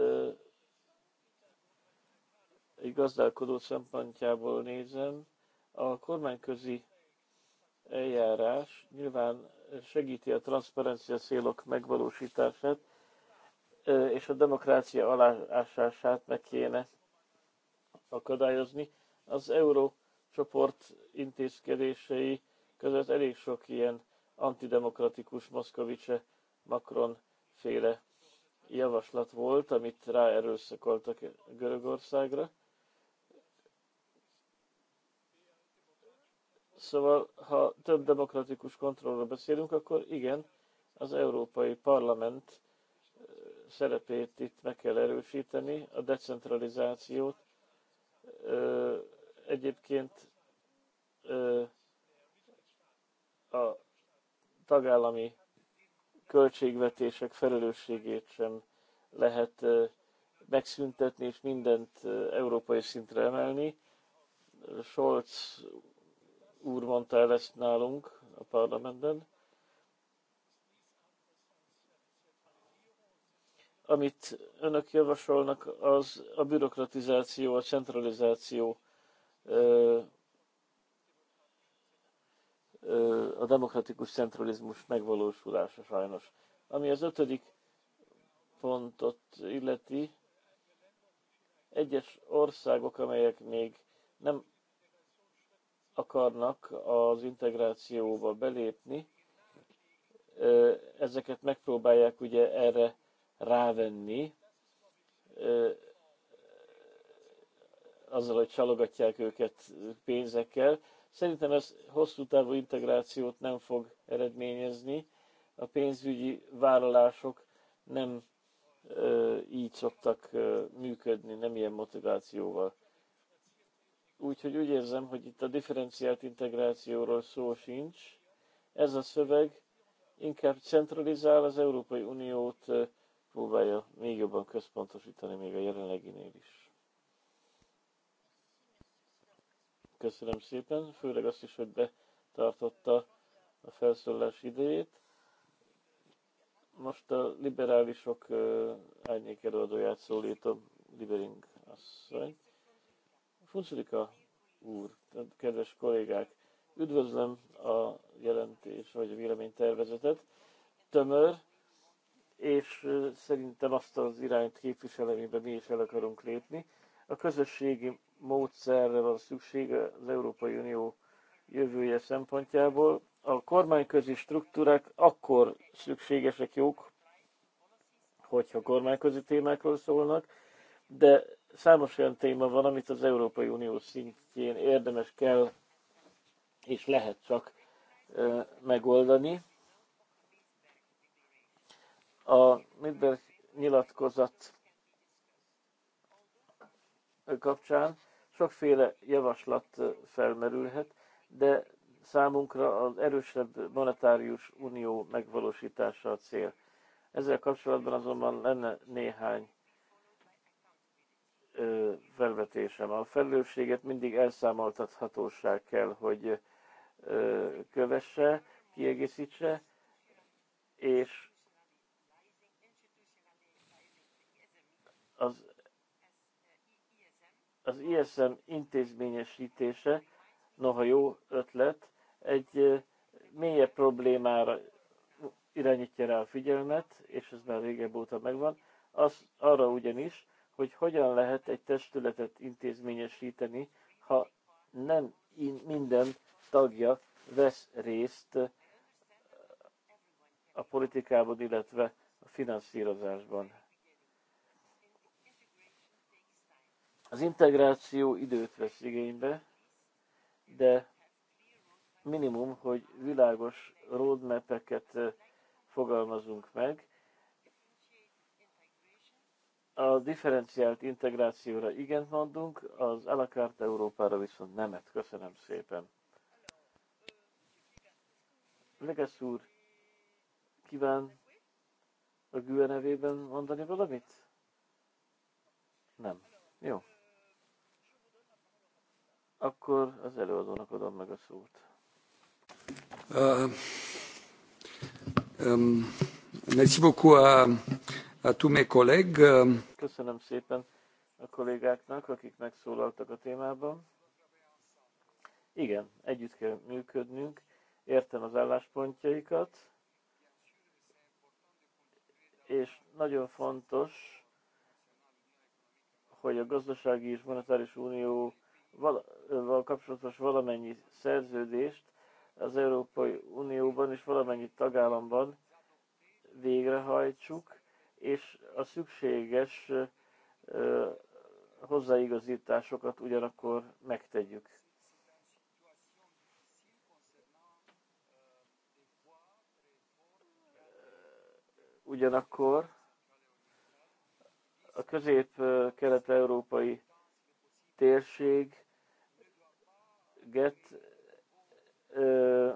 egy gazdálkodó szempontjából nézem. A kormányközi eljárás nyilván segíti a transzparencia célok megvalósítását, és a demokrácia alásását meg kéne akadályozni. Az csoport intézkedései között elég sok ilyen antidemokratikus Moszkovicse Macron féle javaslat volt, amit ráerőszakoltak Görögországra. Szóval, ha több demokratikus kontrollról beszélünk, akkor igen, az Európai Parlament szerepét itt meg kell erősíteni, a decentralizációt. Egyébként a tagállami költségvetések felelősségét sem lehet megszüntetni és mindent európai szintre emelni. Scholz úr mondta el ezt nálunk a parlamentben. Amit önök javasolnak, az a bürokratizáció, a centralizáció, a demokratikus centralizmus megvalósulása sajnos. Ami az ötödik pontot illeti, egyes országok, amelyek még nem akarnak az integrációba belépni, ezeket megpróbálják ugye erre rávenni, azzal, hogy csalogatják őket pénzekkel. Szerintem ez hosszú távú integrációt nem fog eredményezni. A pénzügyi vállalások nem ö, így szoktak ö, működni, nem ilyen motivációval. Úgyhogy úgy érzem, hogy itt a differenciált integrációról szó sincs. Ez a szöveg inkább centralizál az Európai Uniót próbálja még jobban központosítani, még a jelenleginél is. Köszönöm szépen, főleg azt is, hogy betartotta a felszólás idejét. Most a liberálisok árnyék előadóját szólítom, Libering asszony. Funszulika úr, kedves kollégák, üdvözlöm a jelentés vagy a véleménytervezetet. Tömör, és szerintem azt az irányt képvisel, amiben mi is el akarunk lépni. A közösségi módszerre van szükség az Európai Unió jövője szempontjából. A kormányközi struktúrák akkor szükségesek jók, hogyha kormányközi témákról szólnak, de számos olyan téma van, amit az Európai Unió szintjén érdemes kell és lehet csak megoldani a Midberg nyilatkozat kapcsán sokféle javaslat felmerülhet, de számunkra az erősebb monetárius unió megvalósítása a cél. Ezzel kapcsolatban azonban lenne néhány felvetésem. A felelősséget mindig elszámoltathatóság kell, hogy kövesse, kiegészítse, és Az, az ISM intézményesítése, noha jó ötlet, egy mélyebb problémára irányítja rá a figyelmet, és ez már régebb óta megvan, az arra ugyanis, hogy hogyan lehet egy testületet intézményesíteni, ha nem minden tagja vesz részt a politikában, illetve a finanszírozásban. Az integráció időt vesz igénybe, de minimum, hogy világos roadmap-eket fogalmazunk meg. A differenciált integrációra igent mondunk, az alakárt Európára viszont nemet. Köszönöm szépen. Leges úr, kíván a GUE nevében mondani valamit? Nem. Jó. Akkor az előadónak adom meg a szót. Uh, um, merci beaucoup à, à tous mes collègues. Köszönöm szépen a kollégáknak, akik megszólaltak a témában. Igen, együtt kell működnünk, értem az álláspontjaikat, és nagyon fontos, hogy a gazdasági és monetáris unió val kapcsolatos valamennyi szerződést az Európai Unióban és valamennyi tagállamban végrehajtsuk, és a szükséges hozzáigazításokat ugyanakkor megtegyük. Ugyanakkor a közép-kelet-európai térség get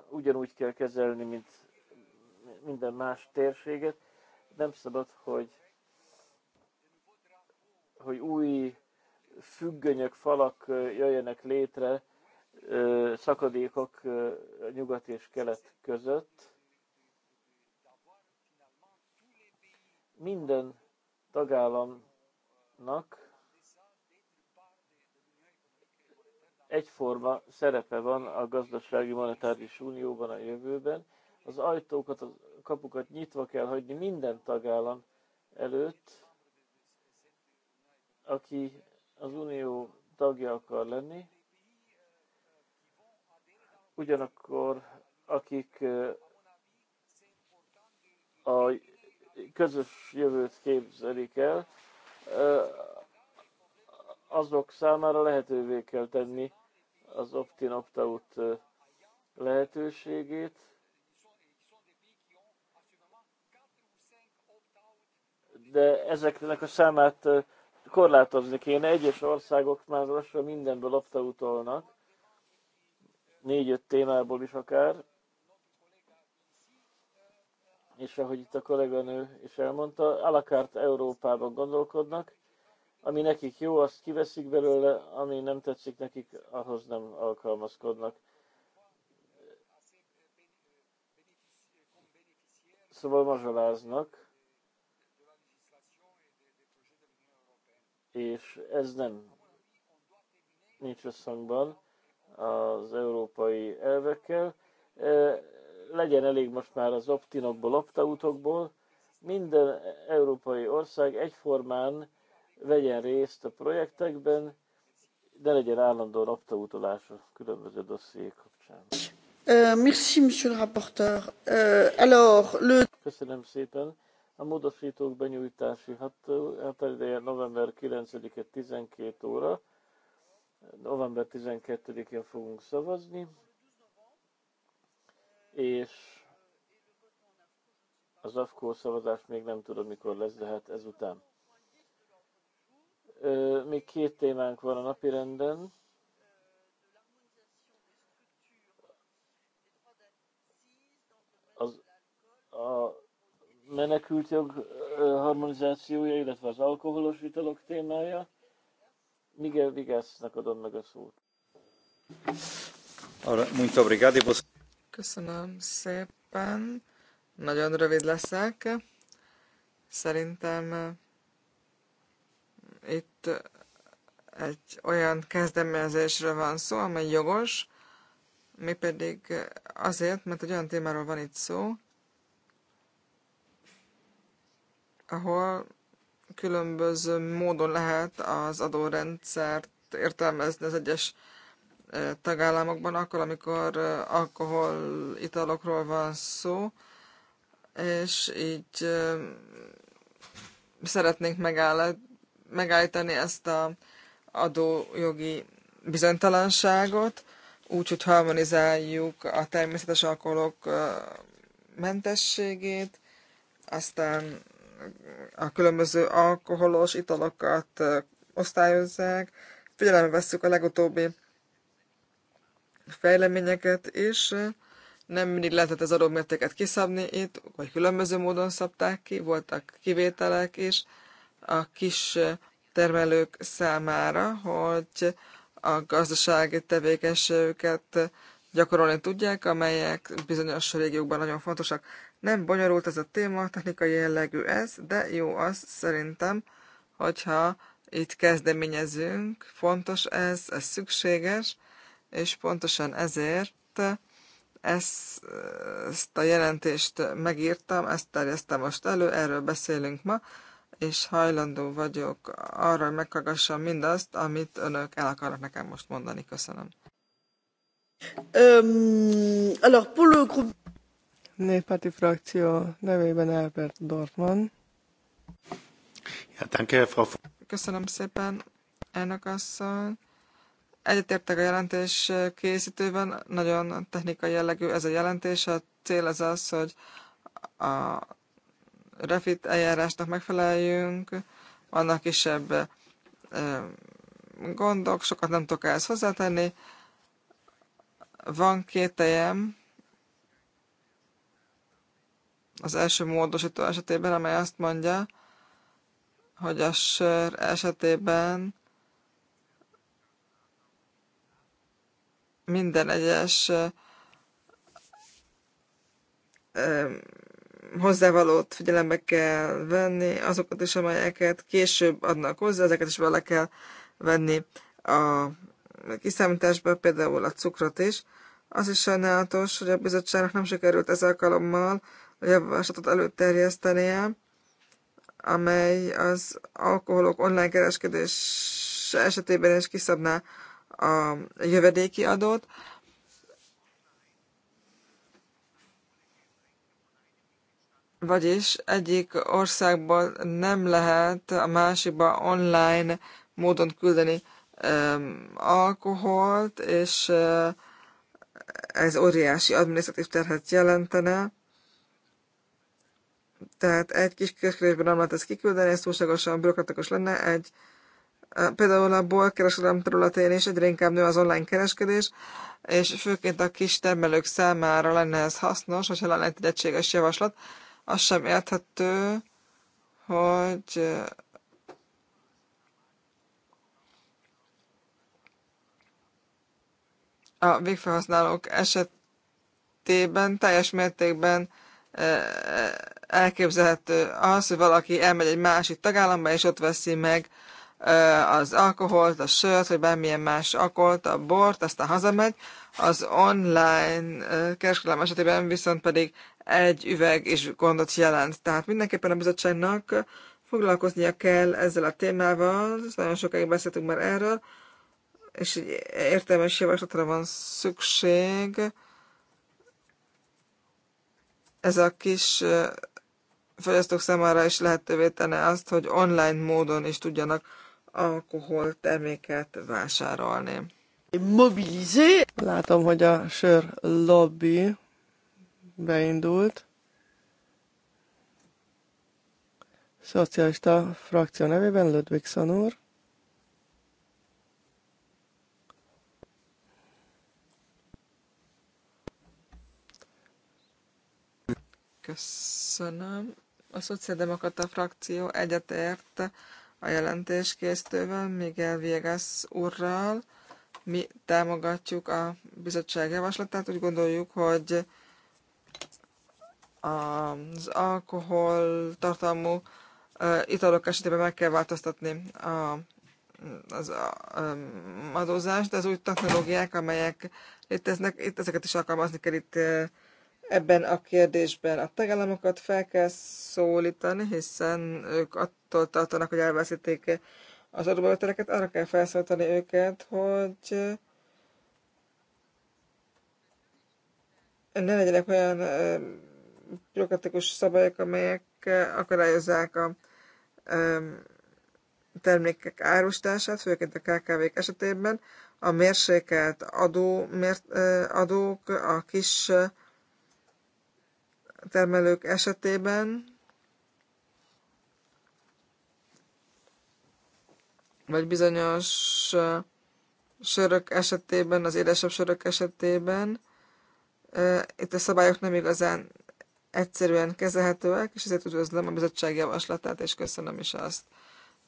ugyanúgy kell kezelni, mint minden más térséget. Nem szabad, hogy, hogy új függönyök, falak jöjjenek létre, szakadékok nyugat és kelet között. Minden tagállamnak egyforma szerepe van a gazdasági monetáris unióban a jövőben. Az ajtókat, a kapukat nyitva kell hagyni minden tagállam előtt, aki az unió tagja akar lenni, ugyanakkor akik a közös jövőt képzelik el, azok számára lehetővé kell tenni az opt-in, opt-out lehetőségét. De ezeknek a számát korlátozni kéne. Egyes országok már lassan mindenből opt-outolnak, négy-öt témából is akár. És ahogy itt a kolléganő is elmondta, alakárt Európában gondolkodnak, ami nekik jó, azt kiveszik belőle, ami nem tetszik nekik, ahhoz nem alkalmazkodnak. Szóval mazsoláznak, és ez nem nincs összhangban az európai elvekkel. Legyen elég most már az optinokból, optautokból. Minden európai ország egyformán vegyen részt a projektekben, de legyen állandó raptautolás a különböző dossziék kapcsán. Euh, merci, monsieur le rapporteur. Euh, alors, le... Köszönöm szépen. A módosítók benyújtási határideje november 9-e 12 óra. November 12-én fogunk szavazni, és az AFKO szavazás még nem tudom, mikor lesz, de hát ezután. Még két témánk van a napirenden. Az, a menekült jog harmonizációja, illetve az alkoholos italok témája. Miguel Vigásznak adom meg a szót. Muito obrigado. E Köszönöm szépen. Nagyon rövid leszek. Szerintem itt egy olyan kezdeményezésről van szó, amely jogos, mi pedig azért, mert egy olyan témáról van itt szó, ahol különböző módon lehet az adórendszert értelmezni az egyes tagállamokban, akkor, amikor alkoholitalokról van szó, és így szeretnénk megállni megállítani ezt a adójogi bizonytalanságot, úgy, hogy harmonizáljuk a természetes alkoholok mentességét, aztán a különböző alkoholos italokat osztályozzák, figyelembe vesszük a legutóbbi fejleményeket is, nem mindig lehetett az adómértéket kiszabni itt, vagy különböző módon szabták ki, voltak kivételek is, a kis termelők számára, hogy a gazdasági tevékenységüket gyakorolni tudják, amelyek bizonyos régiókban nagyon fontosak. Nem bonyolult ez a téma, technikai jellegű ez, de jó az szerintem, hogyha itt kezdeményezünk, fontos ez, ez szükséges, és pontosan ezért ezt, ezt a jelentést megírtam, ezt terjesztem most elő, erről beszélünk ma, és hajlandó vagyok arra, hogy meghallgassam mindazt, amit önök el akarnak nekem most mondani. Köszönöm. Um, alors pour le groupe... Néppárti frakció nevében Albert Dorfman. Ja, danke, Frau... Köszönöm szépen, elnök asszony. Egyetértek a jelentés készítőben, nagyon technikai jellegű ez a jelentés. A cél az az, hogy a refit eljárásnak megfeleljünk, vannak kisebb gondok, sokat nem tudok ehhez hozzátenni. Van két tejem az első módosító esetében, amely azt mondja, hogy a sör esetében minden egyes hozzávalót figyelembe kell venni, azokat is, amelyeket később adnak hozzá, ezeket is bele kell venni a kiszámításba, például a cukrot is. Az is sajnálatos, hogy a bizottságnak nem sikerült ez alkalommal a javaslatot előterjesztenie, amely az alkoholok online kereskedés esetében is kiszabná a jövedéki adót. Vagyis egyik országban nem lehet a másikba online módon küldeni um, alkoholt, és uh, ez óriási adminisztratív terhet jelentene. Tehát egy kis kereskedésben nem lehet ezt kiküldeni, ez túlságosan bürokratikus lenne. Egy, például a bolkereskedelem területén is egyre inkább nő az online kereskedés, és főként a kis termelők számára lenne ez hasznos, hogyha lenne egy egységes javaslat, az sem érthető, hogy a végfelhasználók esetében teljes mértékben elképzelhető az, hogy valaki elmegy egy másik tagállamba, és ott veszi meg az alkoholt, a sört, vagy bármilyen más alkoholt, a bort, aztán hazamegy. Az online kereskedelem esetében viszont pedig egy üveg is gondot jelent. Tehát mindenképpen a bizottságnak foglalkoznia kell ezzel a témával, nagyon sokáig beszéltünk már erről, és egy értelmes javaslatra van szükség. Ez a kis fogyasztók számára is lehetővé tenne azt, hogy online módon is tudjanak terméket vásárolni. Mobilizé! Látom, hogy a sör lobby beindult. Szocialista frakció nevében Ludwig úr. Köszönöm. A Szociáldemokrata frakció egyetért a jelentéskészítővel, Miguel Viegas úrral. Mi támogatjuk a bizottság javaslatát, úgy gondoljuk, hogy az alkohol tartalmú italok esetében meg kell változtatni a, az adózást, de az új technológiák, amelyek léteznek, itt ezeket is alkalmazni kell itt ebben a kérdésben. A tagállamokat fel kell szólítani, hiszen ők attól tartanak, hogy elveszíték az adóbevételeket, arra kell felszólítani őket, hogy ne legyenek olyan bürokratikus szabályok, amelyek akadályozzák a termékek árustását, főként a KKV-k esetében, a mérsékelt adó, mért, adók a kis termelők esetében, vagy bizonyos sörök esetében, az édesebb sörök esetében, itt a szabályok nem igazán egyszerűen kezelhetőek, és ezért üdvözlöm a bizottság javaslatát, és köszönöm is azt.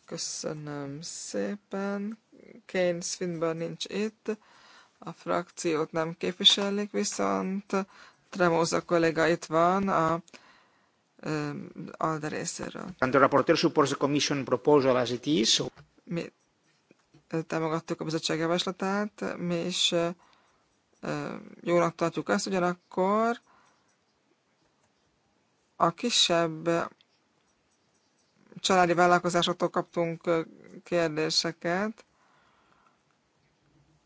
Köszönöm szépen. Kane Swinburne nincs itt, a frakciót nem képviselik, viszont Tremóza kolléga itt van a Alde részéről. the rapporteur supports the commission proposal as it is. Mi támogattuk a bizottság javaslatát, mi is jónak tartjuk azt, ugyanakkor a kisebb családi vállalkozásoktól kaptunk kérdéseket.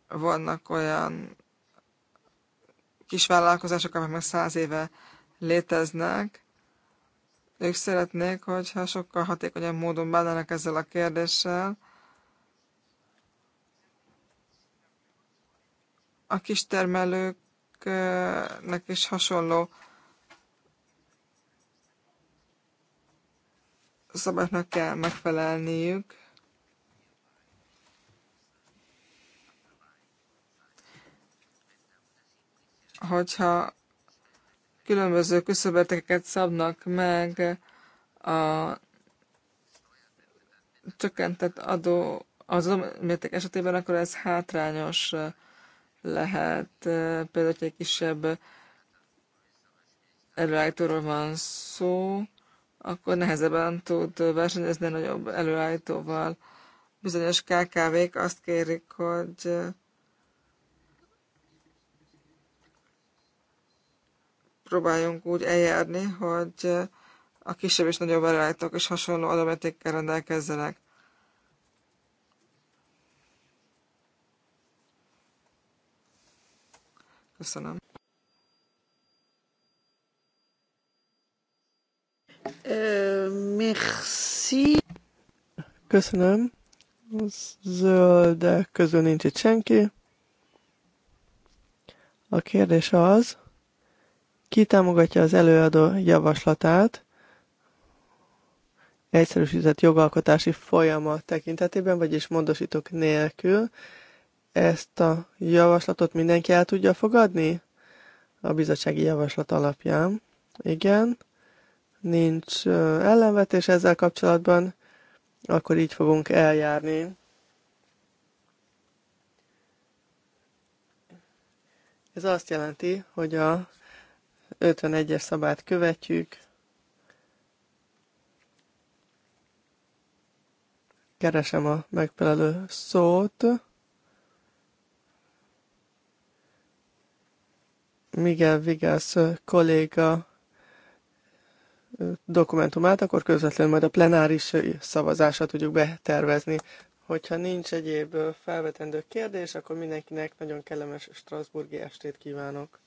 Vannak olyan kis vállalkozások, amelyek meg száz éve léteznek. Ők szeretnék, hogyha sokkal hatékonyabb módon bánnának ezzel a kérdéssel. A kis termelőknek is hasonló szabályoknak kell megfelelniük. Hogyha különböző küszöbeteket szabnak meg a csökkentett adó az mérték esetében, akkor ez hátrányos lehet. Például, hogy egy kisebb előállítóról van szó, akkor nehezebben tud versenyezni nagyobb előállítóval. Bizonyos KKV-k azt kérik, hogy eh, próbáljunk úgy eljárni, hogy eh, a kisebb és nagyobb előállítók is hasonló adamértékkel rendelkezzenek. Köszönöm. Merci. Köszönöm. Zöldek közül nincs itt senki. A kérdés az, ki támogatja az előadó javaslatát egyszerűsített jogalkotási folyamat tekintetében, vagyis módosítók nélkül, ezt a javaslatot mindenki el tudja fogadni? A bizottsági javaslat alapján. Igen nincs ellenvetés ezzel kapcsolatban, akkor így fogunk eljárni. Ez azt jelenti, hogy a 51-es szabályt követjük, keresem a megfelelő szót. Miguel Vigas kolléga dokumentumát, akkor közvetlenül majd a plenáris szavazását tudjuk betervezni. Hogyha nincs egyéb felvetendő kérdés, akkor mindenkinek nagyon kellemes Strasburgi estét kívánok.